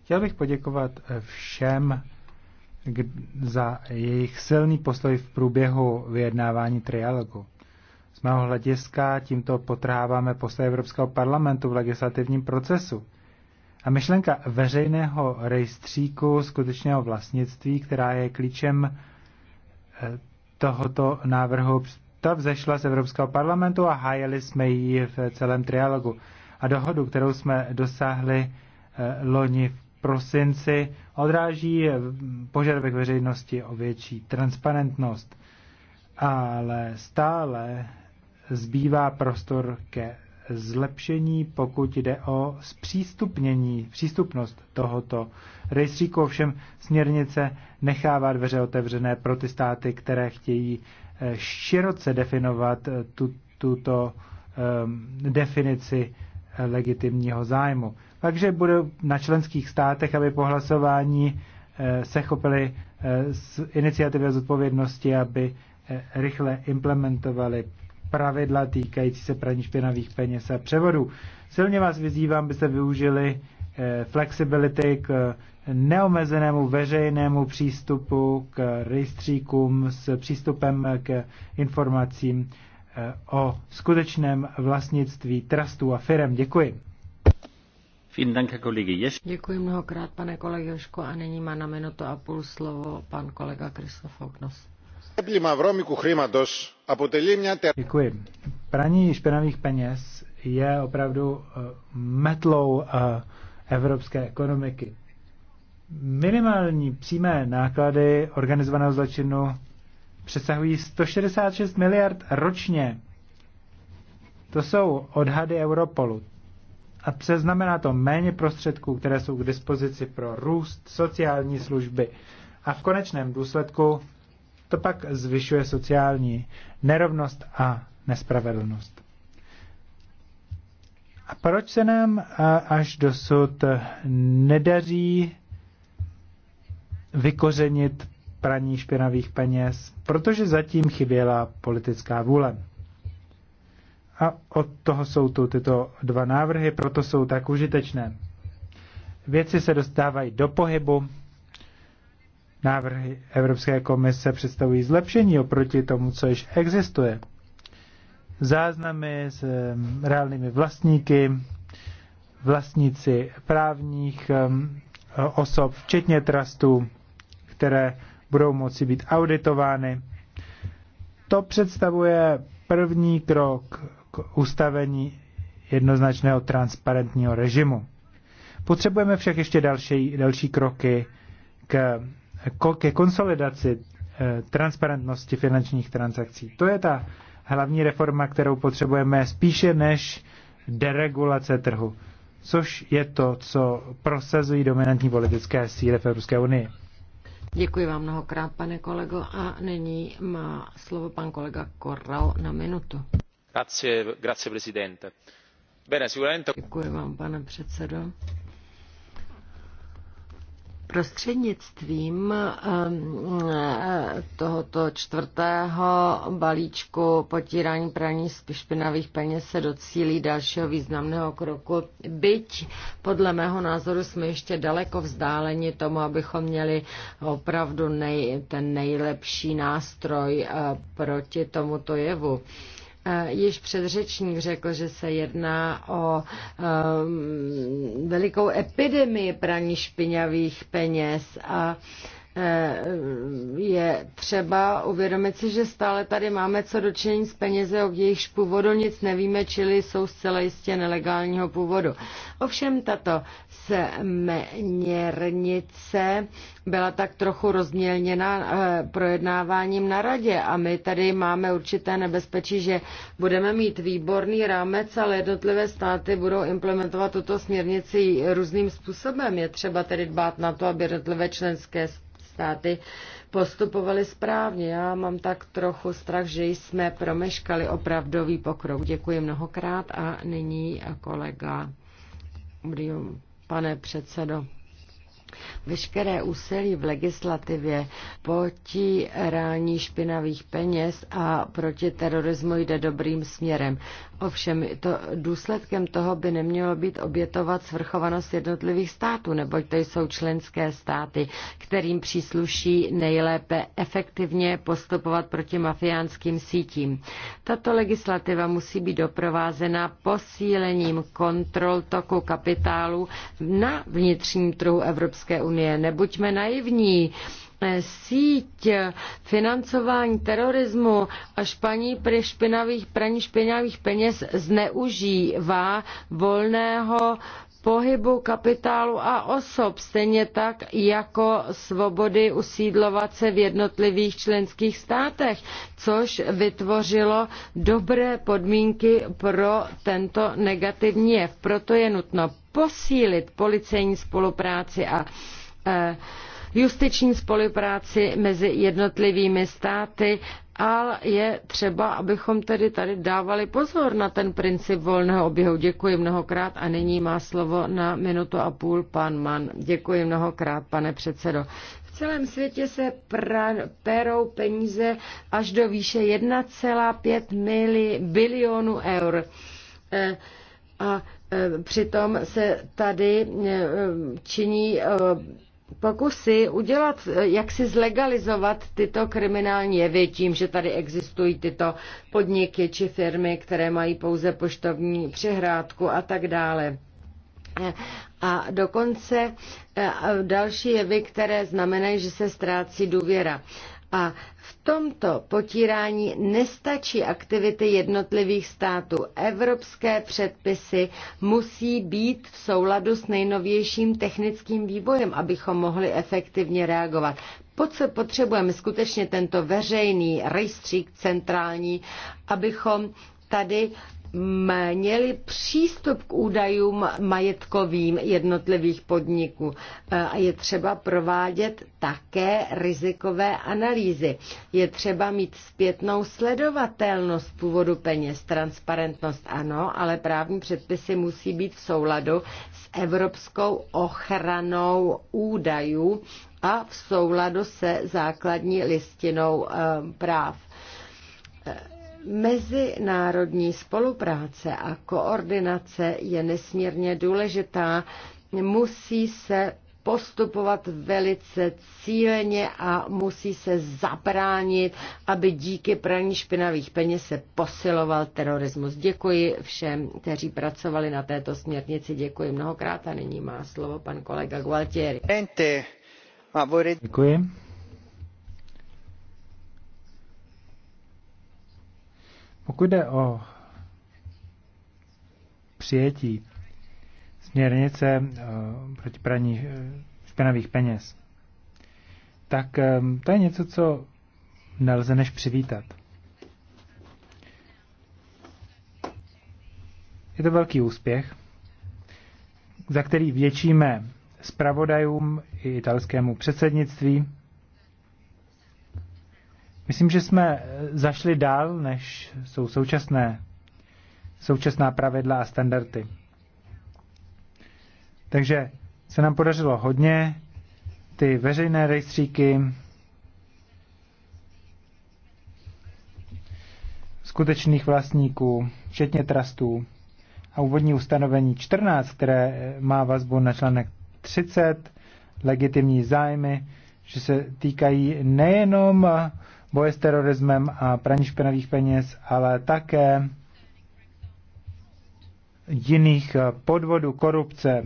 Chtěl bych poděkovat eh, všem za jejich silný postoj v průběhu vyjednávání trialogu. Z mého hlediska tímto potrháváme postoj Evropského parlamentu v legislativním procesu. A myšlenka veřejného rejstříku skutečného vlastnictví, která je klíčem eh, tohoto návrhu, ta vzešla z Evropského parlamentu a hájili jsme ji v celém trialogu. A dohodu, kterou jsme dosáhli eh, loni v prosinci odráží požadavek veřejnosti o větší transparentnost, ale stále zbývá prostor ke zlepšení, pokud jde o zpřístupnění, přístupnost tohoto rejstříku. Ovšem směrnice nechává dveře otevřené pro ty státy, které chtějí eh, široce definovat eh, tu, tuto um, definici eh, legitimního zájmu. Takže bude na členských státech, aby po hlasování eh, se chopili eh, z iniciativy a zodpovědnosti, aby eh, rychle implementovali pravidla týkající se praní špinavých peněz a převodů. Silně vás vyzývám, byste využili flexibility k neomezenému veřejnému přístupu k rejstříkům s přístupem k informacím o skutečném vlastnictví trustů a firem. Děkuji. Děkuji mnohokrát, pane kolego Joško, a nyní má na minuto a půl slovo pan kolega Kristof Oknos. Děkuji. Praní špinavých peněz je opravdu eh, metlou eh, evropské ekonomiky. Minimální přímé náklady organizovaného zločinu přesahují 166 miliard ročně. To jsou odhady Europolu a přeznamená to méně prostředků, které jsou k dispozici pro růst sociální služby. A v konečném důsledku to pak zvyšuje sociální nerovnost a nespravedlnost. A proč se nám až dosud nedaří vykořenit praní špinavých peněz? Protože zatím chyběla politická vůle. A od toho jsou tu tyto dva návrhy, proto jsou tak užitečné. Věci se dostávají do pohybu. Návrhy Evropské komise představují zlepšení oproti tomu, co již existuje. Záznamy s reálnými vlastníky, vlastníci právních osob, včetně trustů, které budou moci být auditovány. To představuje první krok k ustavení jednoznačného transparentního režimu. Potřebujeme však ještě další, další kroky k, ke konsolidaci eh, transparentnosti finančních transakcí. To je ta hlavní reforma, kterou potřebujeme spíše než deregulace trhu, což je to, co prosazují dominantní politické síly v Evropské unii. Děkuji vám mnohokrát, pane kolego, a nyní má slovo pan kolega Korral na minutu pane Prostřednictvím ehm, eh, tohoto čtvrtého balíčku potírání praní špinavých peněz se docílí dalšího významného kroku. Byť podle mého názoru jsme ještě daleko vzdáleni tomu, abychom měli opravdu ten nejlepší nástroj eh, proti tomuto jevu. Již předřečník řekl, že se jedná o um, velikou epidemii praní špinavých peněz a uh, Eh, je třeba uvědomit si, že stále tady máme co dočení s peněze, o jejichž původu nic nevíme, čili jsou zcela jistě nelegálního původu. Ovšem tato směrnice byla tak trochu rozmělněna eh, projednáváním na radě a my tady máme určité nebezpečí, že budeme mít výborný rámec, ale jednotlivé státy budou implementovat tuto směrnici různým způsobem. Je třeba tedy dbát na to, aby jednotlivé členské státy státy postupovaly správně. Já mám tak trochu strach, že jsme promeškali opravdový pokrok. Děkuji mnohokrát a nyní kolega Brium, pane předsedo. Veškeré úsilí v legislativě proti rání špinavých peněz a proti terorismu jde dobrým směrem. Ovšem to, důsledkem toho by nemělo být obětovat svrchovanost jednotlivých států, neboť to jsou členské státy, kterým přísluší nejlépe efektivně postupovat proti mafiánským sítím. Tato legislativa musí být doprovázena posílením kontrol toku kapitálu na vnitřním trhu Evropské unie. Nebuďme naivní síť financování terorismu a španí špinavých, praní špinavých peněz zneužívá volného pohybu kapitálu a osob, stejně tak jako svobody usídlovat se v jednotlivých členských státech, což vytvořilo dobré podmínky pro tento negativní jev. Proto je nutno posílit policejní spolupráci a eh, justiční spolupráci mezi jednotlivými státy, ale je třeba, abychom tedy tady dávali pozor na ten princip volného oběhu. Děkuji mnohokrát a nyní má slovo na minutu a půl pan Mann. Děkuji mnohokrát, pane předsedo. V celém světě se perou peníze až do výše 1,5 bilionu eur. E, a e, přitom se tady e, činí e, pokusy udělat, jak si zlegalizovat tyto kriminální jevy tím, že tady existují tyto podniky či firmy, které mají pouze poštovní přehrádku a tak dále. A dokonce eh, další jevy, které znamenají, že se ztrácí důvěra. A v tomto potírání nestačí aktivity jednotlivých států. Evropské předpisy musí být v souladu s nejnovějším technickým vývojem, abychom mohli efektivně reagovat. Potřebujeme skutečně tento veřejný rejstřík centrální, abychom tady měli přístup k údajům majetkovým jednotlivých podniků e, a je třeba provádět také rizikové analýzy. Je třeba mít zpětnou sledovatelnost původu peněz, transparentnost ano, ale právní předpisy musí být v souladu s evropskou ochranou údajů a v souladu se základní listinou e, práv e, Mezinárodní spolupráce a koordinace je nesmírně důležitá. Musí se postupovat velice cíleně a musí se zabránit, aby díky praní špinavých peněz se posiloval terorismus. Děkuji všem, kteří pracovali na této směrnici. Děkuji mnohokrát a nyní má slovo pan kolega Gualtieri. Děkuji. Pokud jde o přijetí směrnice eh, proti praní eh, špinavých peněz, tak eh, to je něco, co nelze než přivítat. Je to velký úspěch, za který věčíme zpravodajům i italskému předsednictví, Myslím, že jsme eh, zašli dál, než jsou současné, současná pravidla a standardy. Takže se nám podařilo hodně. Ty veřejné rejstříky, skutečných vlastníků, včetně trustů a úvodní ustanovení 14, které eh, má vazbu na článek 30, legitimní zájmy, že se týkají nejenom eh, boje s terorismem a praní špinavých peněz, ale také jiných eh, podvodů, korupce.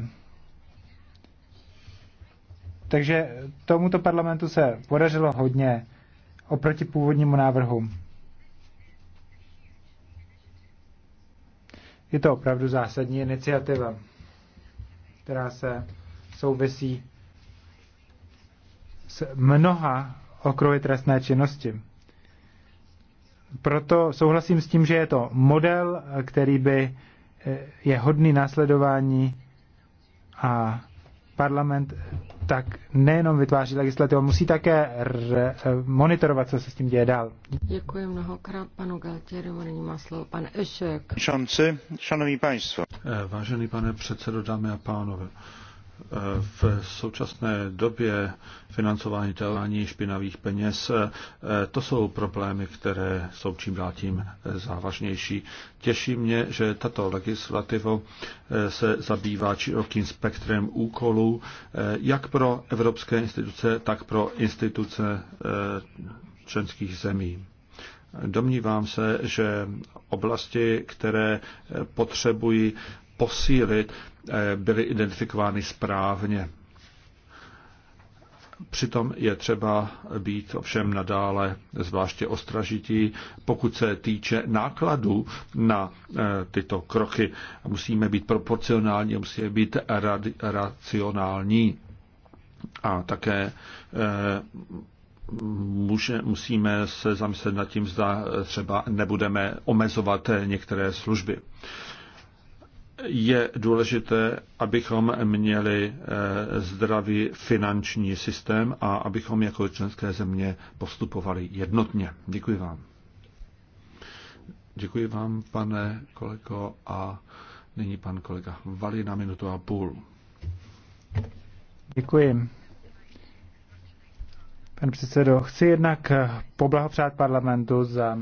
Takže tomuto parlamentu se podařilo hodně oproti původnímu návrhu. Je to opravdu zásadní iniciativa, která se souvisí s mnoha okruhy trestné činnosti. Proto souhlasím s tím, že je to model, který by eh, je hodný následování a parlament tak nejenom vytváří legislativu, musí také eh, monitorovat, co se s tím děje dál. Děkuji mnohokrát panu Galtěru, nyní má slovo pan Ešek. Šanci, šanovní państwo. Eh, vážený pane předsedo, dámy a pánové v současné době financování telání špinavých peněz, to jsou problémy, které jsou čím dál tím závažnější. Těší mě, že tato legislativa se zabývá širokým spektrem úkolů, jak pro evropské instituce, tak pro instituce eh, členských zemí. Domnívám se, že oblasti, které potřebují posílit, eh, byly identifikovány správně. Přitom je třeba být ovšem nadále zvláště ostražití, pokud se týče nákladů na eh, tyto kroky. Musíme být proporcionální, musíme být rad, racionální a také eh, může, musíme se zamyslet nad tím, zda třeba nebudeme omezovat některé služby je důležité, abychom měli eh, zdravý finanční systém a abychom jako členské země postupovali jednotně. Děkuji vám. Děkuji vám, pane kolego, a nyní pan kolega Vali na minutu a půl. Děkuji. Pane předsedo, chci jednak poblahopřát parlamentu za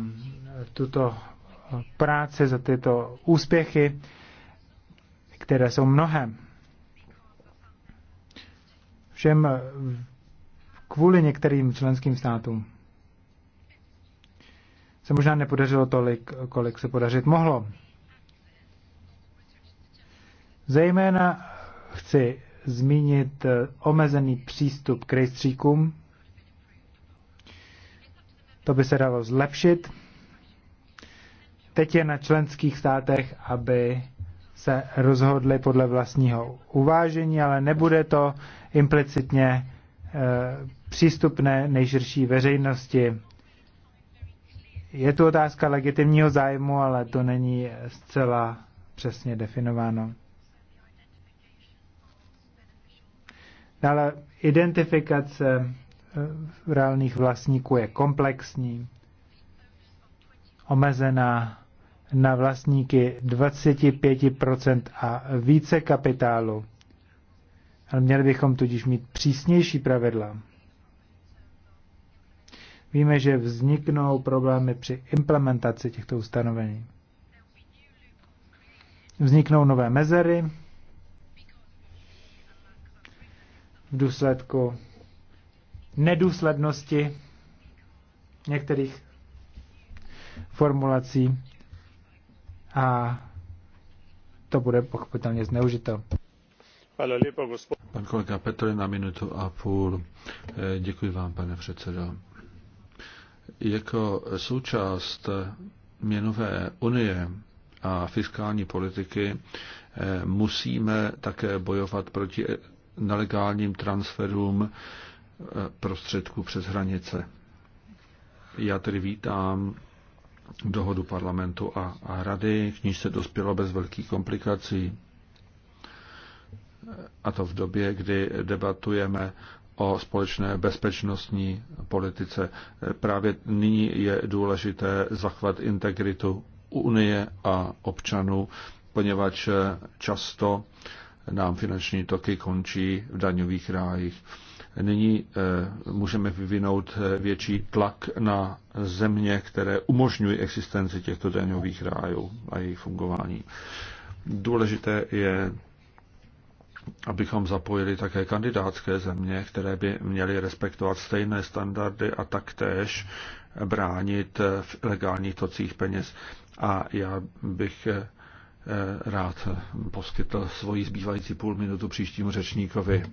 tuto práci, za tyto úspěchy které jsou mnohem. Všem kvůli některým členským státům se možná nepodařilo tolik, kolik se podařit mohlo. Zejména chci zmínit eh, omezený přístup k rejstříkům. To by se dalo zlepšit. Teď je na členských státech, aby se rozhodli podle vlastního uvážení, ale nebude to implicitně eh, přístupné nejširší veřejnosti. Je tu otázka legitimního zájmu, ale to není zcela přesně definováno. Dále identifikace eh, reálných vlastníků je komplexní, omezená na vlastníky 25% a více kapitálu. Ale měli bychom tudíž mít přísnější pravidla. Víme, že vzniknou problémy při implementaci těchto ustanovení. Vzniknou nové mezery v důsledku nedůslednosti některých formulací a to bude pochopitelně zneužito. Pan kolega Petr na minutu a půl. Eh, děkuji vám, pane předsedo. Jako součást měnové unie a fiskální politiky eh, musíme také bojovat proti nelegálním transferům eh, prostředků přes hranice. Já tedy vítám dohodu parlamentu a, a rady, k níž se dospělo bez velkých komplikací. A to v době, kdy debatujeme o společné bezpečnostní politice. Právě nyní je důležité zachovat integritu Unie a občanů, poněvadž často nám finanční toky končí v daňových rájích nyní eh, můžeme vyvinout eh, větší tlak na země, které umožňují existenci těchto daňových rájů a jejich fungování. Důležité je, abychom zapojili také kandidátské země, které by měly respektovat stejné standardy a taktéž bránit eh, v legálních tocích peněz. A já bych rád poskytl svoji zbývající půl minutu příštímu řečníkovi.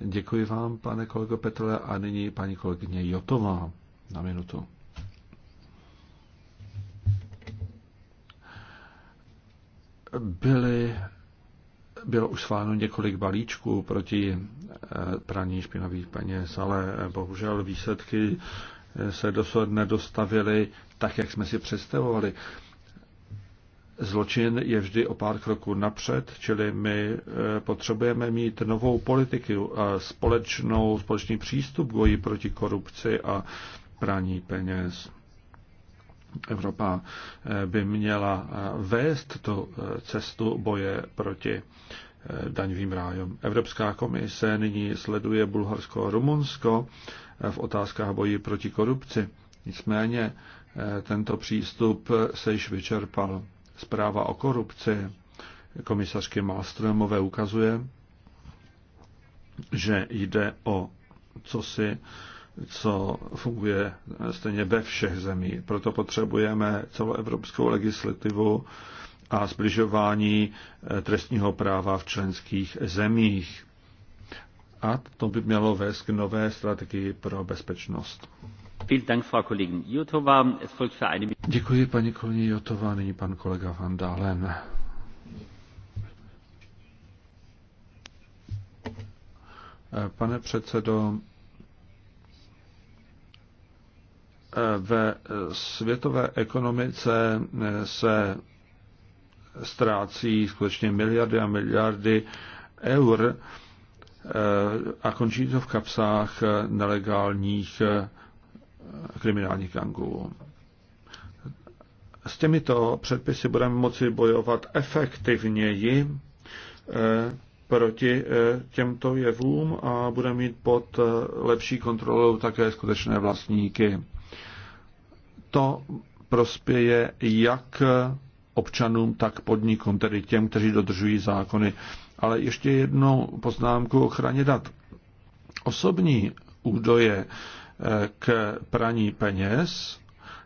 Děkuji vám, pane kolego Petrole, a nyní paní kolegyně Jotová na minutu. Byly, bylo už sváno několik balíčků proti eh, praní špinavých peněz, ale eh, bohužel výsledky eh, se dosud nedostavily tak, jak jsme si představovali zločin je vždy o pár kroků napřed, čili my eh, potřebujeme mít novou politiku a eh, společnou, společný přístup k boji proti korupci a praní peněz. Evropa eh, by měla vést tu cestu boje proti daňovým rájům. Evropská komise nyní sleduje Bulharsko a Rumunsko v otázkách boji proti korupci. Nicméně tento přístup se již vyčerpal. Zpráva o korupci komisařky Malströmové ukazuje, že jde o cosi, co funguje stejně ve všech zemích. Proto potřebujeme celoevropskou legislativu a zbližování eh, trestního práva v členských zemích. A to by mělo vést k nové strategii pro bezpečnost. Děkuji paní kolegyně Jotová, nyní pan kolega Van Dalen. Pane předsedo, ve světové ekonomice se ztrácí skutečně miliardy a miliardy eur eh, a končí to v kapsách nelegálních eh, kriminálních gangů. S těmito předpisy budeme moci bojovat efektivněji eh, proti eh, těmto jevům a budeme mít pod eh, lepší kontrolou také skutečné vlastníky. To prospěje jak občanům, tak podnikům, tedy těm, kteří dodržují zákony. Ale ještě jednou poznámku o ochraně dat. Osobní údaje k praní peněz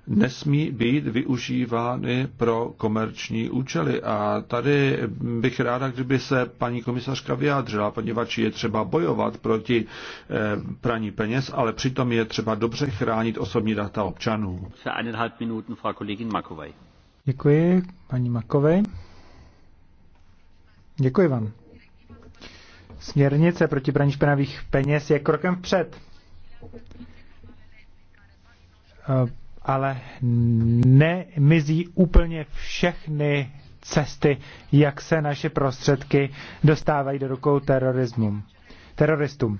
nesmí být využívány pro komerční účely. A tady bych ráda, kdyby se paní komisařka vyjádřila, poněvadž je třeba bojovat proti eh, praní peněz, ale přitom je třeba dobře chránit osobní data občanů. Děkuji, paní Makovej. Děkuji vám. Směrnice proti praní špinavých peněz je krokem vpřed. Eh, ale nemizí úplně všechny cesty, jak se naše prostředky dostávají do rukou terorismu. teroristům.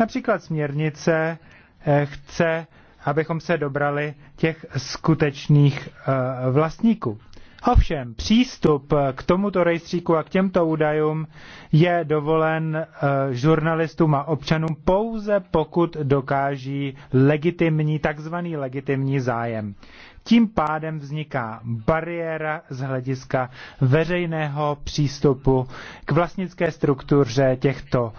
Například směrnice eh, chce, abychom se dobrali těch skutečných eh, vlastníků. Ovšem, přístup eh, k tomuto rejstříku a k těmto údajům je dovolen eh, žurnalistům a občanům pouze pokud dokáží legitimní, takzvaný legitimní zájem tím pádem vzniká bariéra z hlediska veřejného přístupu k vlastnické struktuře těchto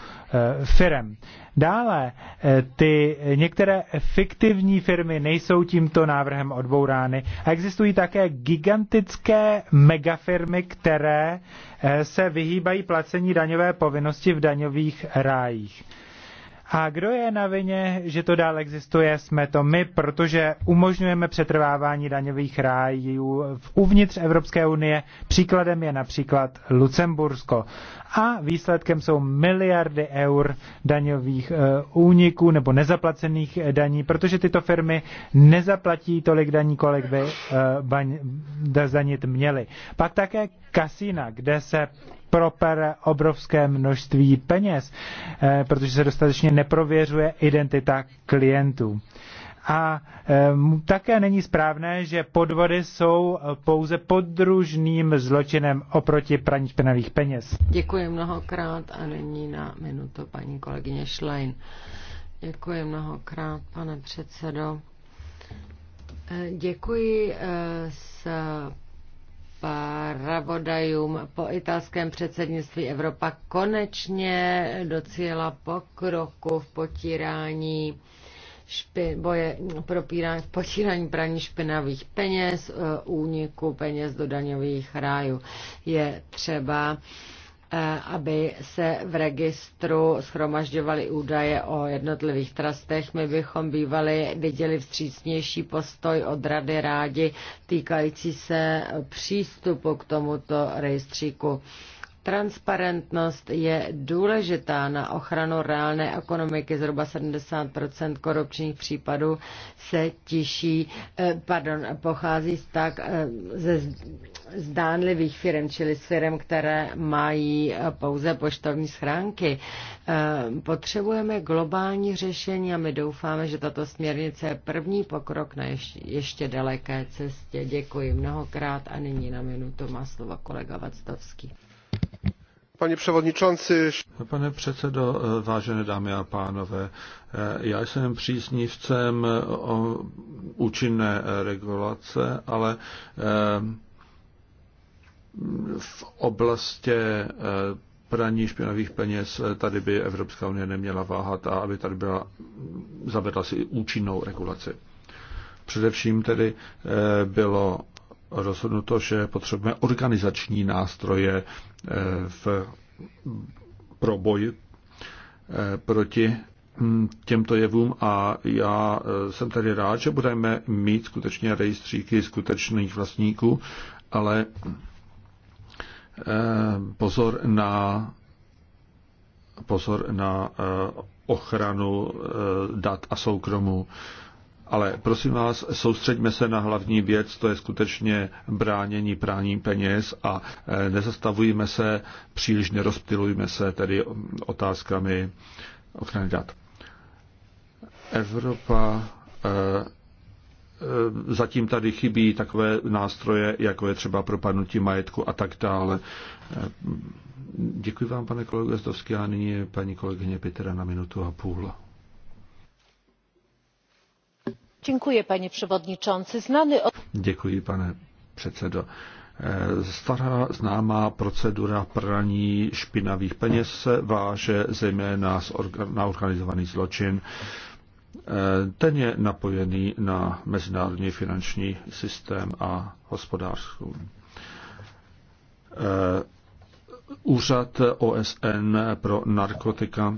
eh, firm. Dále eh, ty eh, některé fiktivní firmy nejsou tímto návrhem odbourány a existují také gigantické megafirmy, které se vyhýbají placení daňové povinnosti v daňových rájích. A kdo je na vině, že to dál existuje, jsme to my, protože umožňujeme přetrvávání daňových rájů uvnitř Evropské unie. Příkladem je například Lucembursko. A výsledkem jsou miliardy eur daňových eh, úniků nebo nezaplacených eh, daní, protože tyto firmy nezaplatí tolik daní, kolik by eh, baň, zanit měly. Pak také kasína, kde se propere obrovské množství peněz, eh, protože se dostatečně neprověřuje identita klientů. A eh, také není správné, že podvody jsou pouze podružným zločinem oproti praní špinavých peněz. Děkuji mnohokrát a nyní na minutu paní kolegyně Schlein. Děkuji mnohokrát, pane předsedo. Eh, děkuji s Paravodajům po italském předsednictví Evropa konečně docíla pokroku v potírání špi, boje propírání, v potírání praní špinavých peněz, e, úniku peněz do daňových rájů. Je třeba uh, Eh, aby se v registru schromažďovaly údaje o jednotlivých trastech. My bychom bývali viděli vstřícnější postoj od Rady rádi týkající se přístupu k tomuto rejstříku Transparentnost je důležitá na ochranu reálné ekonomiky. Zhruba 70 korupčních případů se tiší, eh, pardon, pochází z tak eh, ze zdánlivých firm, čili z firm, které mají eh, pouze poštovní schránky. Potřebujeme globální řešení a my doufáme, že tato směrnice je první pokrok na ještě daleké cestě. Děkuji mnohokrát a nyní na minutu má slovo kolega Vactovský. Pane předsedající. Pane předsedo, vážené dámy a pánové, já jsem příznivcem o účinné regulace, ale eh, v oblasti eh, praní špinavých peněz eh, tady by Evropská unie neměla váhat a aby tady byla, zavedla si účinnou regulaci. Především tedy bylo rozhodnuto, že potřebujeme organizační nástroje eh, v, pro boj eh, proti hm, těmto jevům a já eh, jsem tady rád, že budeme mít skutečně rejstříky skutečných vlastníků, ale pozor na pozor na ochranu dat a soukromu. Ale prosím vás, soustřeďme se na hlavní věc, to je skutečně bránění prání peněz a e, nezastavujeme se, příliš nerozptilujme se tedy otázkami ochrany dat. Evropa e, e, zatím tady chybí takové nástroje, jako je třeba propadnutí majetku a tak dále. Děkuji vám, pane kolego Zdovský, a nyní paní kolegyně Pitera na minutu a půl. Děkuji, předsedající. pane předsedo. Eh, stará známá procedura praní špinavých peněz se váže zejména na organizovaný zločin. Eh, ten je napojený na mezinárodní finanční systém a hospodářskou. Eh, úřad OSN pro narkotika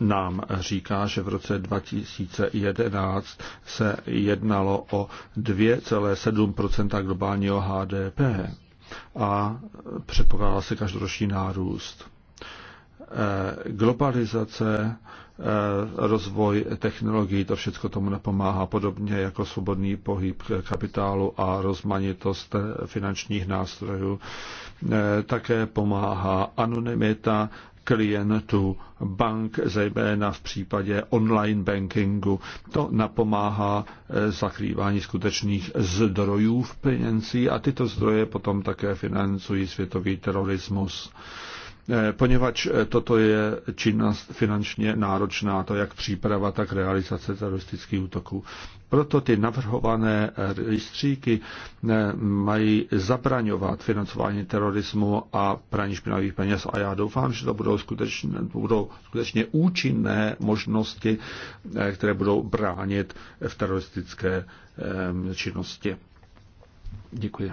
nám říká, že v roce 2011 se jednalo o 2,7 globálního HDP a předpokládá se každoroční nárůst. Eh, globalizace, eh, rozvoj technologií, to všechno tomu napomáhá, podobně jako svobodný pohyb kapitálu a rozmanitost eh, finančních nástrojů. Také pomáhá anonymita, klientů bank, zejména v případě online bankingu. To napomáhá eh, zakrývání skutečných zdrojů v penězí a tyto zdroje potom také financují světový terorismus. Eh, poněvadž eh, toto je činnost finančně náročná, to jak příprava, tak realizace teroristických útoků. Proto ty navrhované rejstříky eh, mají zabraňovat financování terorismu a praní špinavých peněz. A já doufám, že to budou skutečně, budou skutečně účinné možnosti, které budou bránit v teroristické činnosti. Děkuji.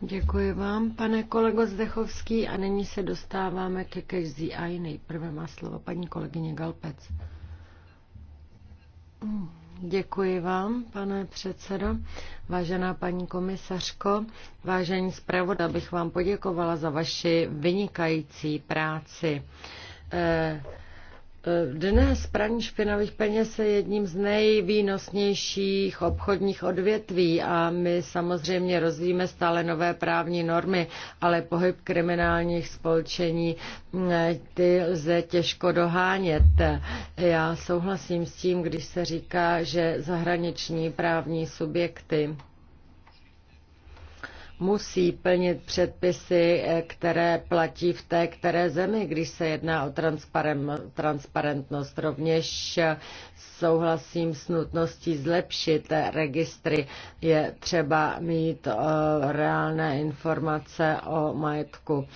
Děkuji vám, pane kolego Zdechovský, a nyní se dostáváme ke KZI. Nejprve má slovo paní kolegyně Galpec. Děkuji vám, pane předsedo. Vážená paní komisařko, vážení zpravodaj, bych vám poděkovala za vaši vynikající práci. Eh, dnes praní špinavých peněz je jedním z nejvýnosnějších obchodních odvětví a my samozřejmě rozvíjíme stále nové právní normy, ale pohyb kriminálních spolčení eh, ty lze těžko dohánět. Já souhlasím s tím, když se říká, že zahraniční právní subjekty musí plnit předpisy, eh, které platí v té které zemi, když se jedná o transparentnost. Rovněž eh, souhlasím s nutností zlepšit registry. Je třeba mít eh, reálné informace o majetku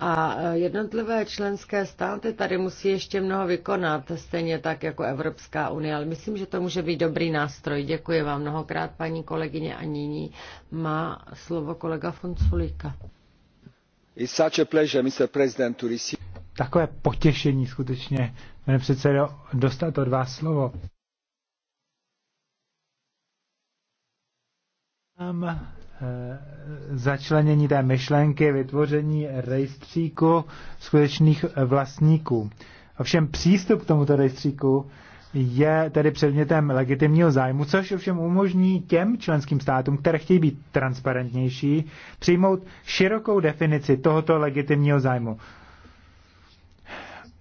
a e, jednotlivé členské státy tady musí ještě mnoho vykonat, stejně tak jako Evropská unie, ale myslím, že to může být dobrý nástroj. Děkuji vám mnohokrát, paní kolegyně a nyní má slovo kolega Fonsulika. It's such a pleasure, Mr. President, to Takové potěšení skutečně, pane předsedo, dostat od vás slovo. Um, Eh, začlenění té myšlenky, vytvoření rejstříku skutečných eh, vlastníků. Ovšem přístup k tomuto rejstříku je tedy předmětem legitimního zájmu, což ovšem umožní těm členským státům, které chtějí být transparentnější, přijmout širokou definici tohoto legitimního zájmu.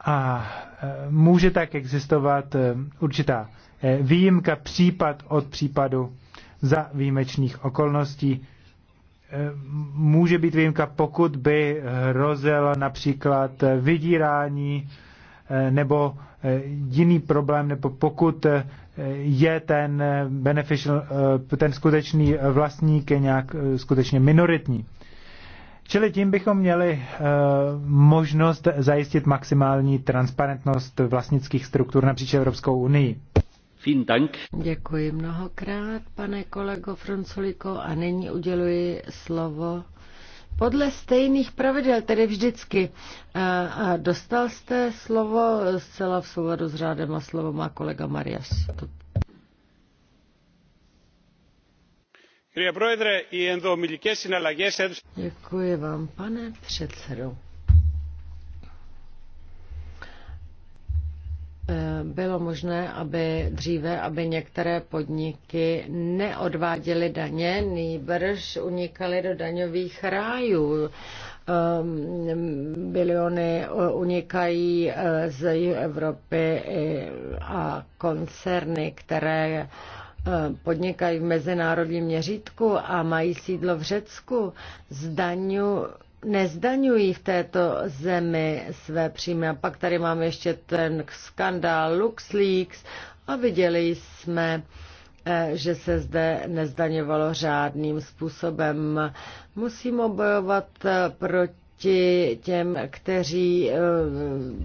A eh, může tak existovat určitá výjimka případ od případu za výjimečných okolností. E, může být výjimka, pokud by hrozil například vydírání e, nebo e, jiný problém, nebo pokud je ten beneficial, ten skutečný vlastník nějak skutečně minoritní. Čili tím bychom měli možnost zajistit maximální transparentnost vlastnických struktur napříč Evropskou unii. Děkuji mnohokrát, pane kolego Froncoliko, a nyní uděluji slovo podle stejných pravidel, tedy vždycky. A dostal jste slovo zcela v souladu s řádem a slovo má kolega Marias. Děkuji vám, pane předsedo. Eh, bylo možné, aby dříve, aby některé podniky neodváděly daně, nýbrž unikaly do daňových rájů. Eh, biliony eh, unikají z Evropy a koncerny, které podnikají v mezinárodním měřítku a mají sídlo v Řecku, zdaňují nezdaňují v této zemi své příjmy. A pak tady máme ještě ten skandál LuxLeaks a viděli jsme, eh, že se zde nezdaňovalo řádným způsobem. Musím obojovat eh, proti těm, kteří eh,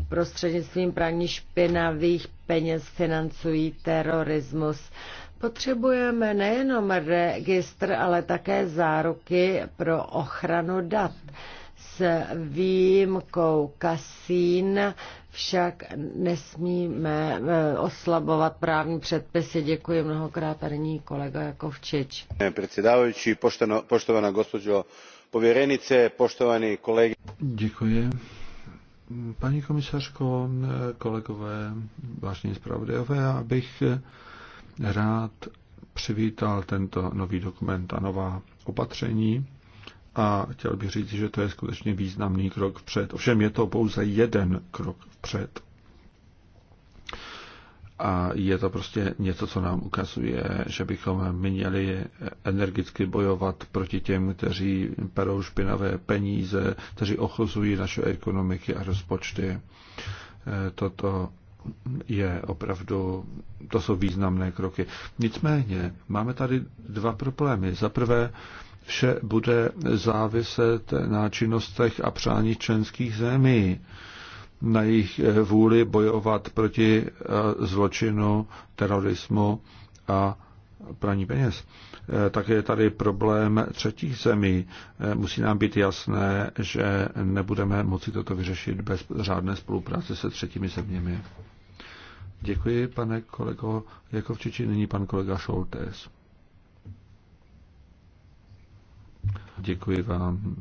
prostřednictvím praní špinavých peněz financují terorismus. Potřebujeme nejenom registr, ale také záruky pro ochranu dat. S výjimkou kasín však nesmíme eh, oslabovat právní předpisy. Děkuji mnohokrát a nyní kolega Jakovčič. předsedající, poštovaná gospođo pověrenice, poštovaní kolegy. Děkuji. Paní komisařko, kolegové, vážení zpravodajové, abych rád přivítal tento nový dokument a nová opatření a chtěl bych říct, že to je skutečně významný krok vpřed. Ovšem je to pouze jeden krok vpřed. A je to prostě něco, co nám ukazuje, že bychom měli energicky bojovat proti těm, kteří perou špinavé peníze, kteří ochozují naše ekonomiky a rozpočty. E, toto je opravdu, to jsou významné kroky. Nicméně máme tady dva problémy. Za prvé, vše bude záviset na činnostech a přání členských zemí, na jejich eh, vůli bojovat proti eh, zločinu, terorismu a praní peněz. Eh, tak je tady problém třetích zemí. Musí nám být jasné, že nebudeme moci toto vyřešit bez řádné spolupráce se třetími zeměmi. Děkuji, pane kolego Jakovčiči. Nyní pan kolega Šoltés. Děkuji vám.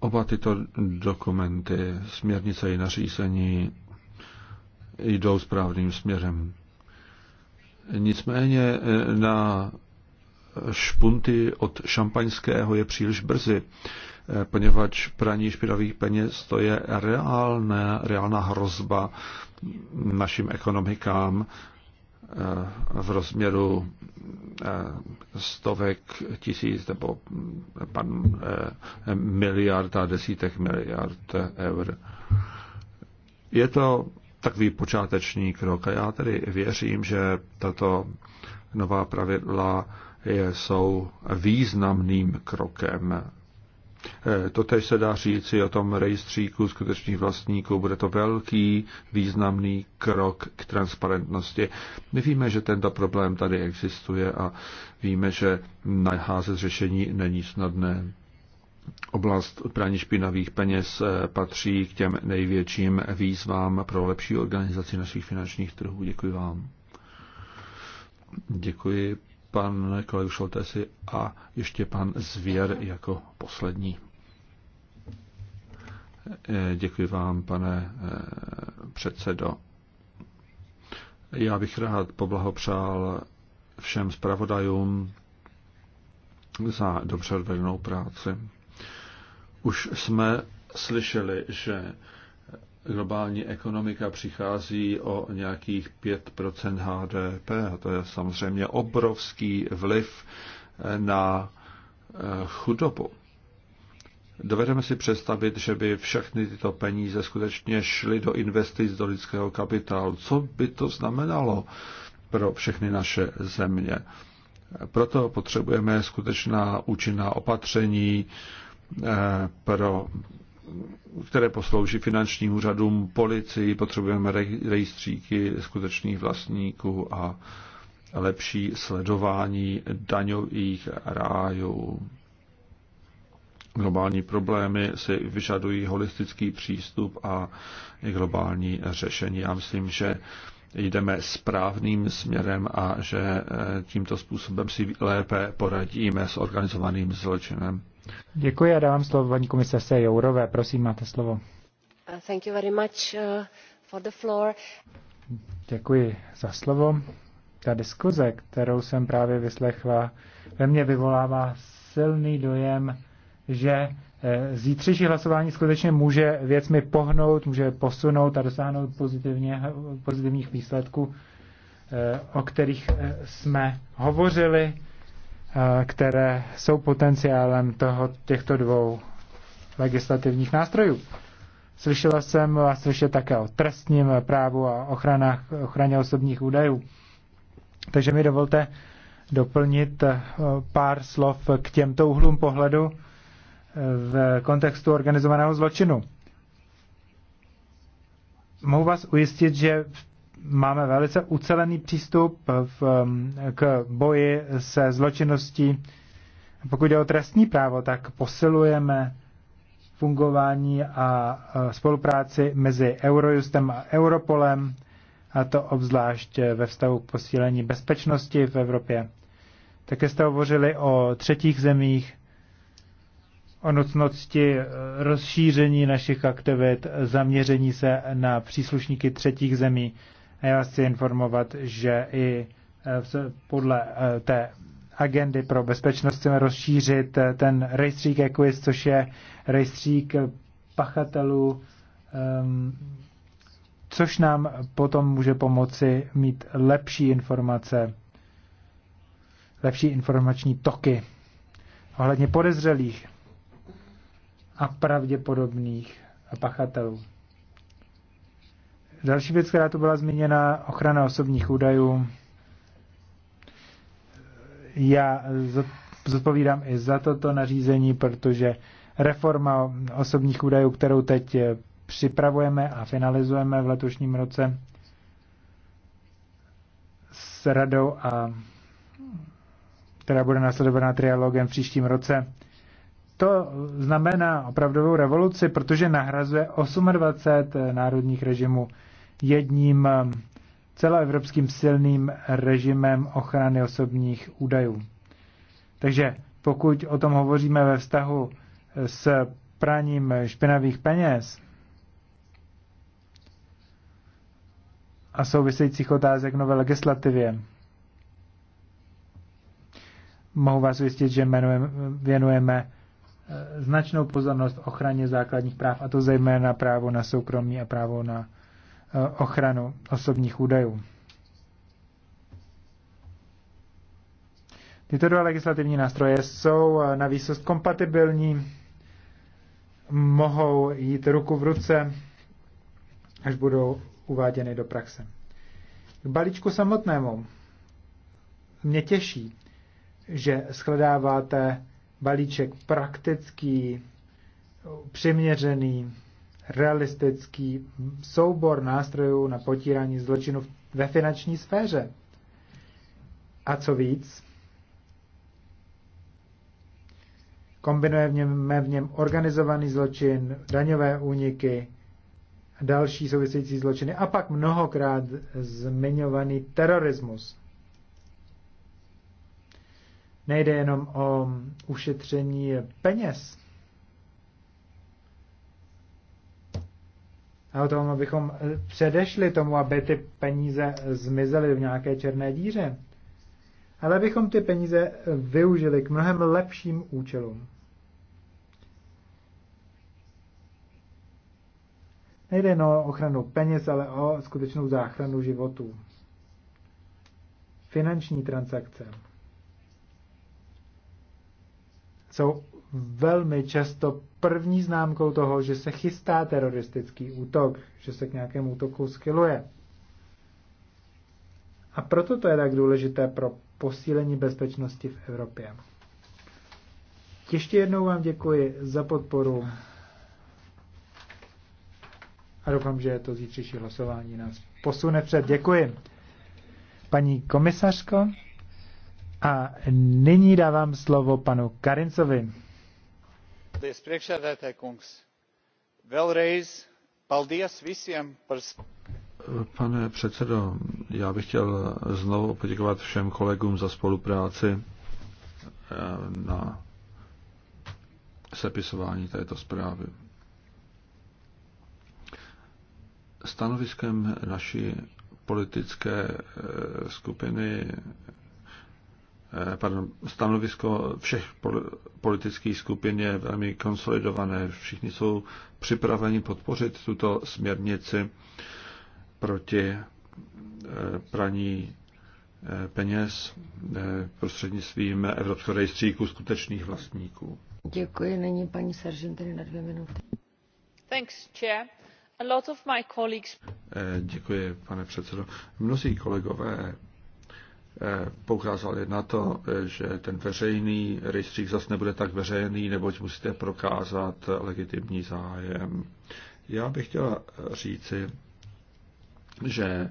Oba tyto dokumenty, směrnice i nařízení, jdou správným směrem. Nicméně eh, na špunty od šampaňského je příliš brzy. Eh, poněvadž praní špinavých peněz to je reálná, reálná hrozba našim ekonomikám eh, v rozměru eh, stovek tisíc nebo pan, miliard a desítek miliard eur. Je to takový počáteční krok a já tedy věřím, že tato nová pravidla jsou významným krokem Eh, totež se dá říci o tom rejstříku skutečných vlastníků. Bude to velký, významný krok k transparentnosti. My víme, že tento problém tady existuje a víme, že naházet řešení není snadné. Oblast praní špinavých peněz eh, patří k těm největším výzvám pro lepší organizaci našich finančních trhů. Děkuji vám. Děkuji pan kolega Šoltesi a ještě pan Zvěr jako poslední. Eh, děkuji vám, pane eh, předsedo. Já bych rád poblahopřál všem zpravodajům za dobře odvedenou práci. Už jsme slyšeli, že globální ekonomika přichází o nějakých 5 HDP. A to je samozřejmě obrovský vliv na eh, chudobu. Dovedeme si představit, že by všechny tyto peníze skutečně šly do investic do lidského kapitálu. Co by to znamenalo pro všechny naše země? Proto potřebujeme skutečná účinná opatření eh, pro které poslouží finančním úřadům, policii, potřebujeme rejstříky skutečných vlastníků a lepší sledování daňových rájů. Globální problémy si vyžadují holistický přístup a globální řešení. Já myslím, že jdeme správným směrem a že e, tímto způsobem si lépe poradíme s organizovaným zločinem. Děkuji a dávám slovo paní komisarce Jourové. Prosím, máte slovo. Uh, thank you very much uh, for the floor. Děkuji za slovo. Ta diskuze, kterou jsem právě vyslechla, ve mně vyvolává silný dojem, že Eh, zítřejší hlasování skutečně může věcmi pohnout, může posunout a dosáhnout pozitivně, pozitivních výsledků, eh, o kterých eh, jsme hovořili, které jsou potenciálem toho, těchto dvou legislativních nástrojů. Slyšela jsem a slyšet také o trestním právu a ochranách, ochraně osobních údajů. Takže mi dovolte doplnit pár slov k těmto uhlům pohledu v kontextu organizovaného zločinu. Mohu vás ujistit, že máme velice ucelený přístup v, um, k boji se zločinností. Pokud jde o trestní právo, tak posilujeme fungování a e, spolupráci mezi Eurojustem a Europolem, a to obzvlášť ve vztahu k posílení bezpečnosti v Evropě. Také jste hovořili o třetích zemích o eh, rozšíření našich aktivit, zaměření se na příslušníky třetích zemí. A já vás chci informovat, že i eh, podle eh, té agendy pro bezpečnost chceme rozšířit ten rejstřík EQUIS, což je rejstřík pachatelů, ehm, což nám potom může pomoci mít lepší informace, lepší informační toky ohledně podezřelých a pravděpodobných pachatelů. Další věc, která tu byla zmíněna, ochrana osobních údajů. Já zodpovídám i za toto nařízení, protože reforma osobních údajů, kterou teď připravujeme a finalizujeme v letošním roce s radou a která bude následovaná trialogem v příštím roce, to znamená opravdovou revoluci, protože nahrazuje 28 národních režimů jedním eh, celoevropským silným režimem ochrany osobních údajů. Takže pokud o tom hovoříme ve vztahu eh, s praním špinavých peněz a souvisejících otázek nové legislativě, mohu vás ujistit, že jmenujeme, věnujeme značnou pozornost ochraně základních práv, a to zejména právo na soukromí a právo na eh, ochranu osobních údajů. Tyto dva legislativní nástroje jsou eh, na výsost kompatibilní, mohou jít ruku v ruce, až budou uváděny do praxe. K balíčku samotnému mě těší, že shledáváte balíček praktický, přiměřený, realistický soubor nástrojů na potírání zločinu ve finanční sféře. A co víc, kombinujeme v něm organizovaný zločin, daňové úniky, další související zločiny a pak mnohokrát zmiňovaný terorismus. Nejde jenom o ušetření peněz, a o tom, abychom předešli tomu, aby ty peníze zmizely v nějaké černé díře, ale abychom ty peníze využili k mnohem lepším účelům. Nejde jen o ochranu peněz, ale o skutečnou záchranu životů. Finanční transakce jsou velmi často první známkou toho, že se chystá teroristický útok, že se k nějakému útoku skiluje. A proto to je tak důležité pro posílení bezpečnosti v Evropě. Ještě jednou vám děkuji za podporu a doufám, že to zítřejší hlasování nás posune před. Děkuji. Paní komisařko. A nyní dávám slovo panu Karincovi. Pane předsedo, já bych chtěl znovu poděkovat všem kolegům za spolupráci eh, na sepisování této zprávy. Stanoviskem naší politické eh, skupiny Eh, pardon, stanovisko všech politických skupin je velmi konsolidované. Všichni jsou připraveni podpořit tuto směrnici proti eh, praní eh, peněz prostřednictvím Evropského rejstříku skutečných vlastníků. Děkuji, není paní Sargentiny na dvě minuty. Thanks, chair. A lot of my colleagues... Děkuji, pane předsedo. Mnozí kolegové Eh, poukázali na to, eh, že ten veřejný rejstřík zas nebude tak veřejný, neboť musíte prokázat legitimní zájem. Já bych chtěla říci, že eh,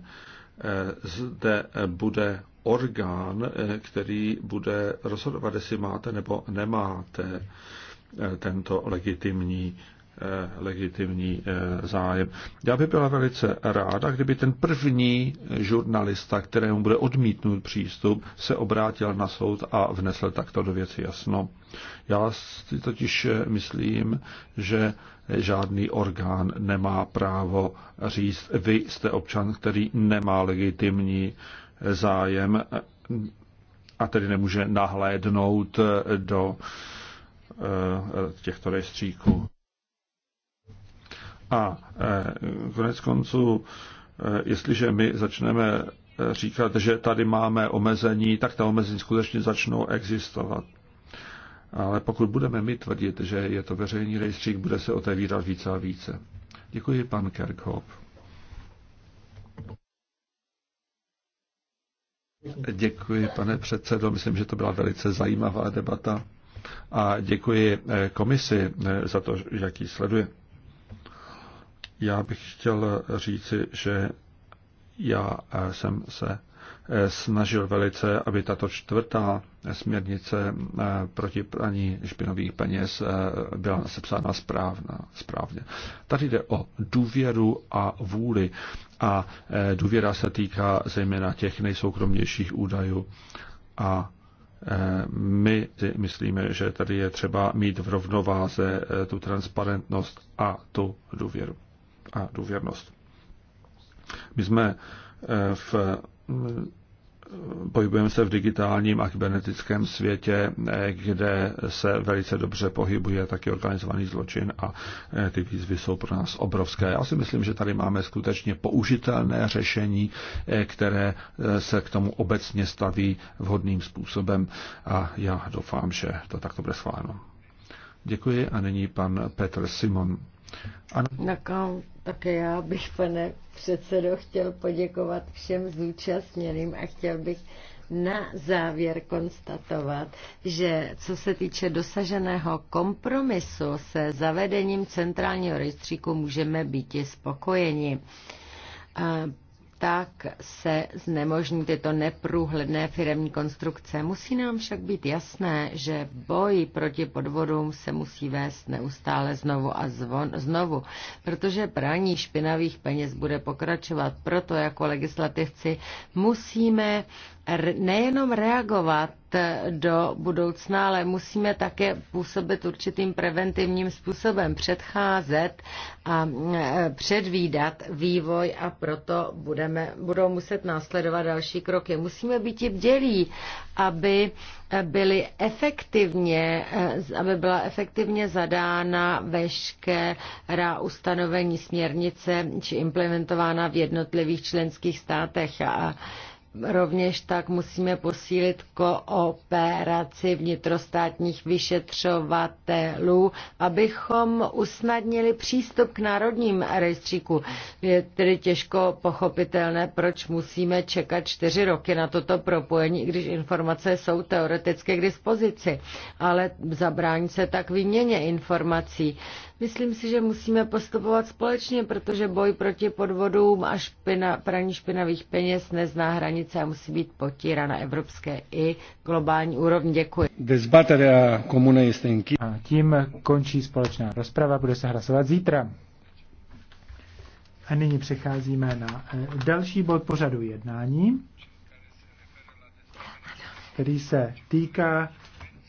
zde bude orgán, který bude rozhodovat, jestli máte nebo nemáte tento legitimní Eh, legitimní eh, zájem. Já bych byla velice ráda, kdyby ten první žurnalista, kterému bude odmítnut přístup, se obrátil na soud a vnesl takto do věci jasno. Já si totiž eh, myslím, že žádný orgán nemá právo říct, vy jste občan, který nemá legitimní zájem a tedy nemůže nahlédnout do těchto rejstříků. A e, konec konců, e, jestliže my začneme e, říkat, že tady máme omezení, tak ta omezení skutečně začnou existovat. Ale pokud budeme my tvrdit, že je to veřejný rejstřík, bude se otevírat více a více. Děkuji, pan Kerkhoff. Děkuji, pane předsedo. Myslím, že to byla velice zajímavá debata. A děkuji komisi za to, jaký sleduje já bych chtěl říci, že já jsem se eh, snažil velice, aby tato čtvrtá eh, směrnice eh, proti praní špinových peněz byla sepsána správná, správně. Tady jde o důvěru a vůli a důvěra se týká zejména těch nejsoukromnějších údajů a my myslíme, že tady je třeba mít v rovnováze tu transparentnost a tu důvěru a důvěrnost. My jsme eh, v eh, pohybujeme se v digitálním a kybernetickém světě, eh, kde se velice dobře pohybuje taky organizovaný zločin a ty výzvy jsou pro nás obrovské. Já si myslím, že tady máme skutečně použitelné řešení, které se k tomu obecně staví vhodným způsobem a já doufám, že to takto bude schváleno. Děkuji a nyní pan Petr Simon. Ano. Tak, také já bych, pane předsedo, chtěl poděkovat všem zúčastněným a chtěl bych na závěr konstatovat, že co se týče dosaženého kompromisu se zavedením centrálního rejstříku můžeme být spokojeni tak se znemožní tyto neprůhledné firemní konstrukce. Musí nám však být jasné, že boj proti podvodům se musí vést neustále znovu a zvon, znovu, protože praní špinavých peněz bude pokračovat. Proto jako legislativci musíme nejenom reagovat do budoucna, ale musíme také působit určitým preventivním způsobem, předcházet a e, předvídat vývoj a proto budeme, budou muset následovat další kroky. Musíme být i bdělí, aby byly efektivně, e, aby byla efektivně zadána veškerá ustanovení směrnice či implementována v jednotlivých členských státech. A, Rovněž tak musíme posílit kooperaci vnitrostátních vyšetřovatelů, abychom usnadnili přístup k národním rejstříku. Je tedy těžko pochopitelné, proč musíme čekat čtyři roky na toto propojení, když informace jsou teoreticky k dispozici, ale zabrání se tak výměně informací. Myslím si, že musíme postupovat společně, protože boj proti podvodům a špina, praní špinavých peněz nezná hranice a musí být potíra na evropské i globální úrovni. Děkuji. A tím končí společná rozprava, bude se hlasovat zítra. A nyní přecházíme na eh, další bod pořadu jednání, který se týká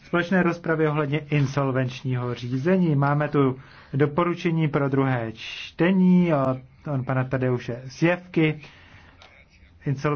společné rozpravy ohledně insolvenčního řízení. Máme tu doporučení pro druhé čtení od, pana Tadeuše Sjevky.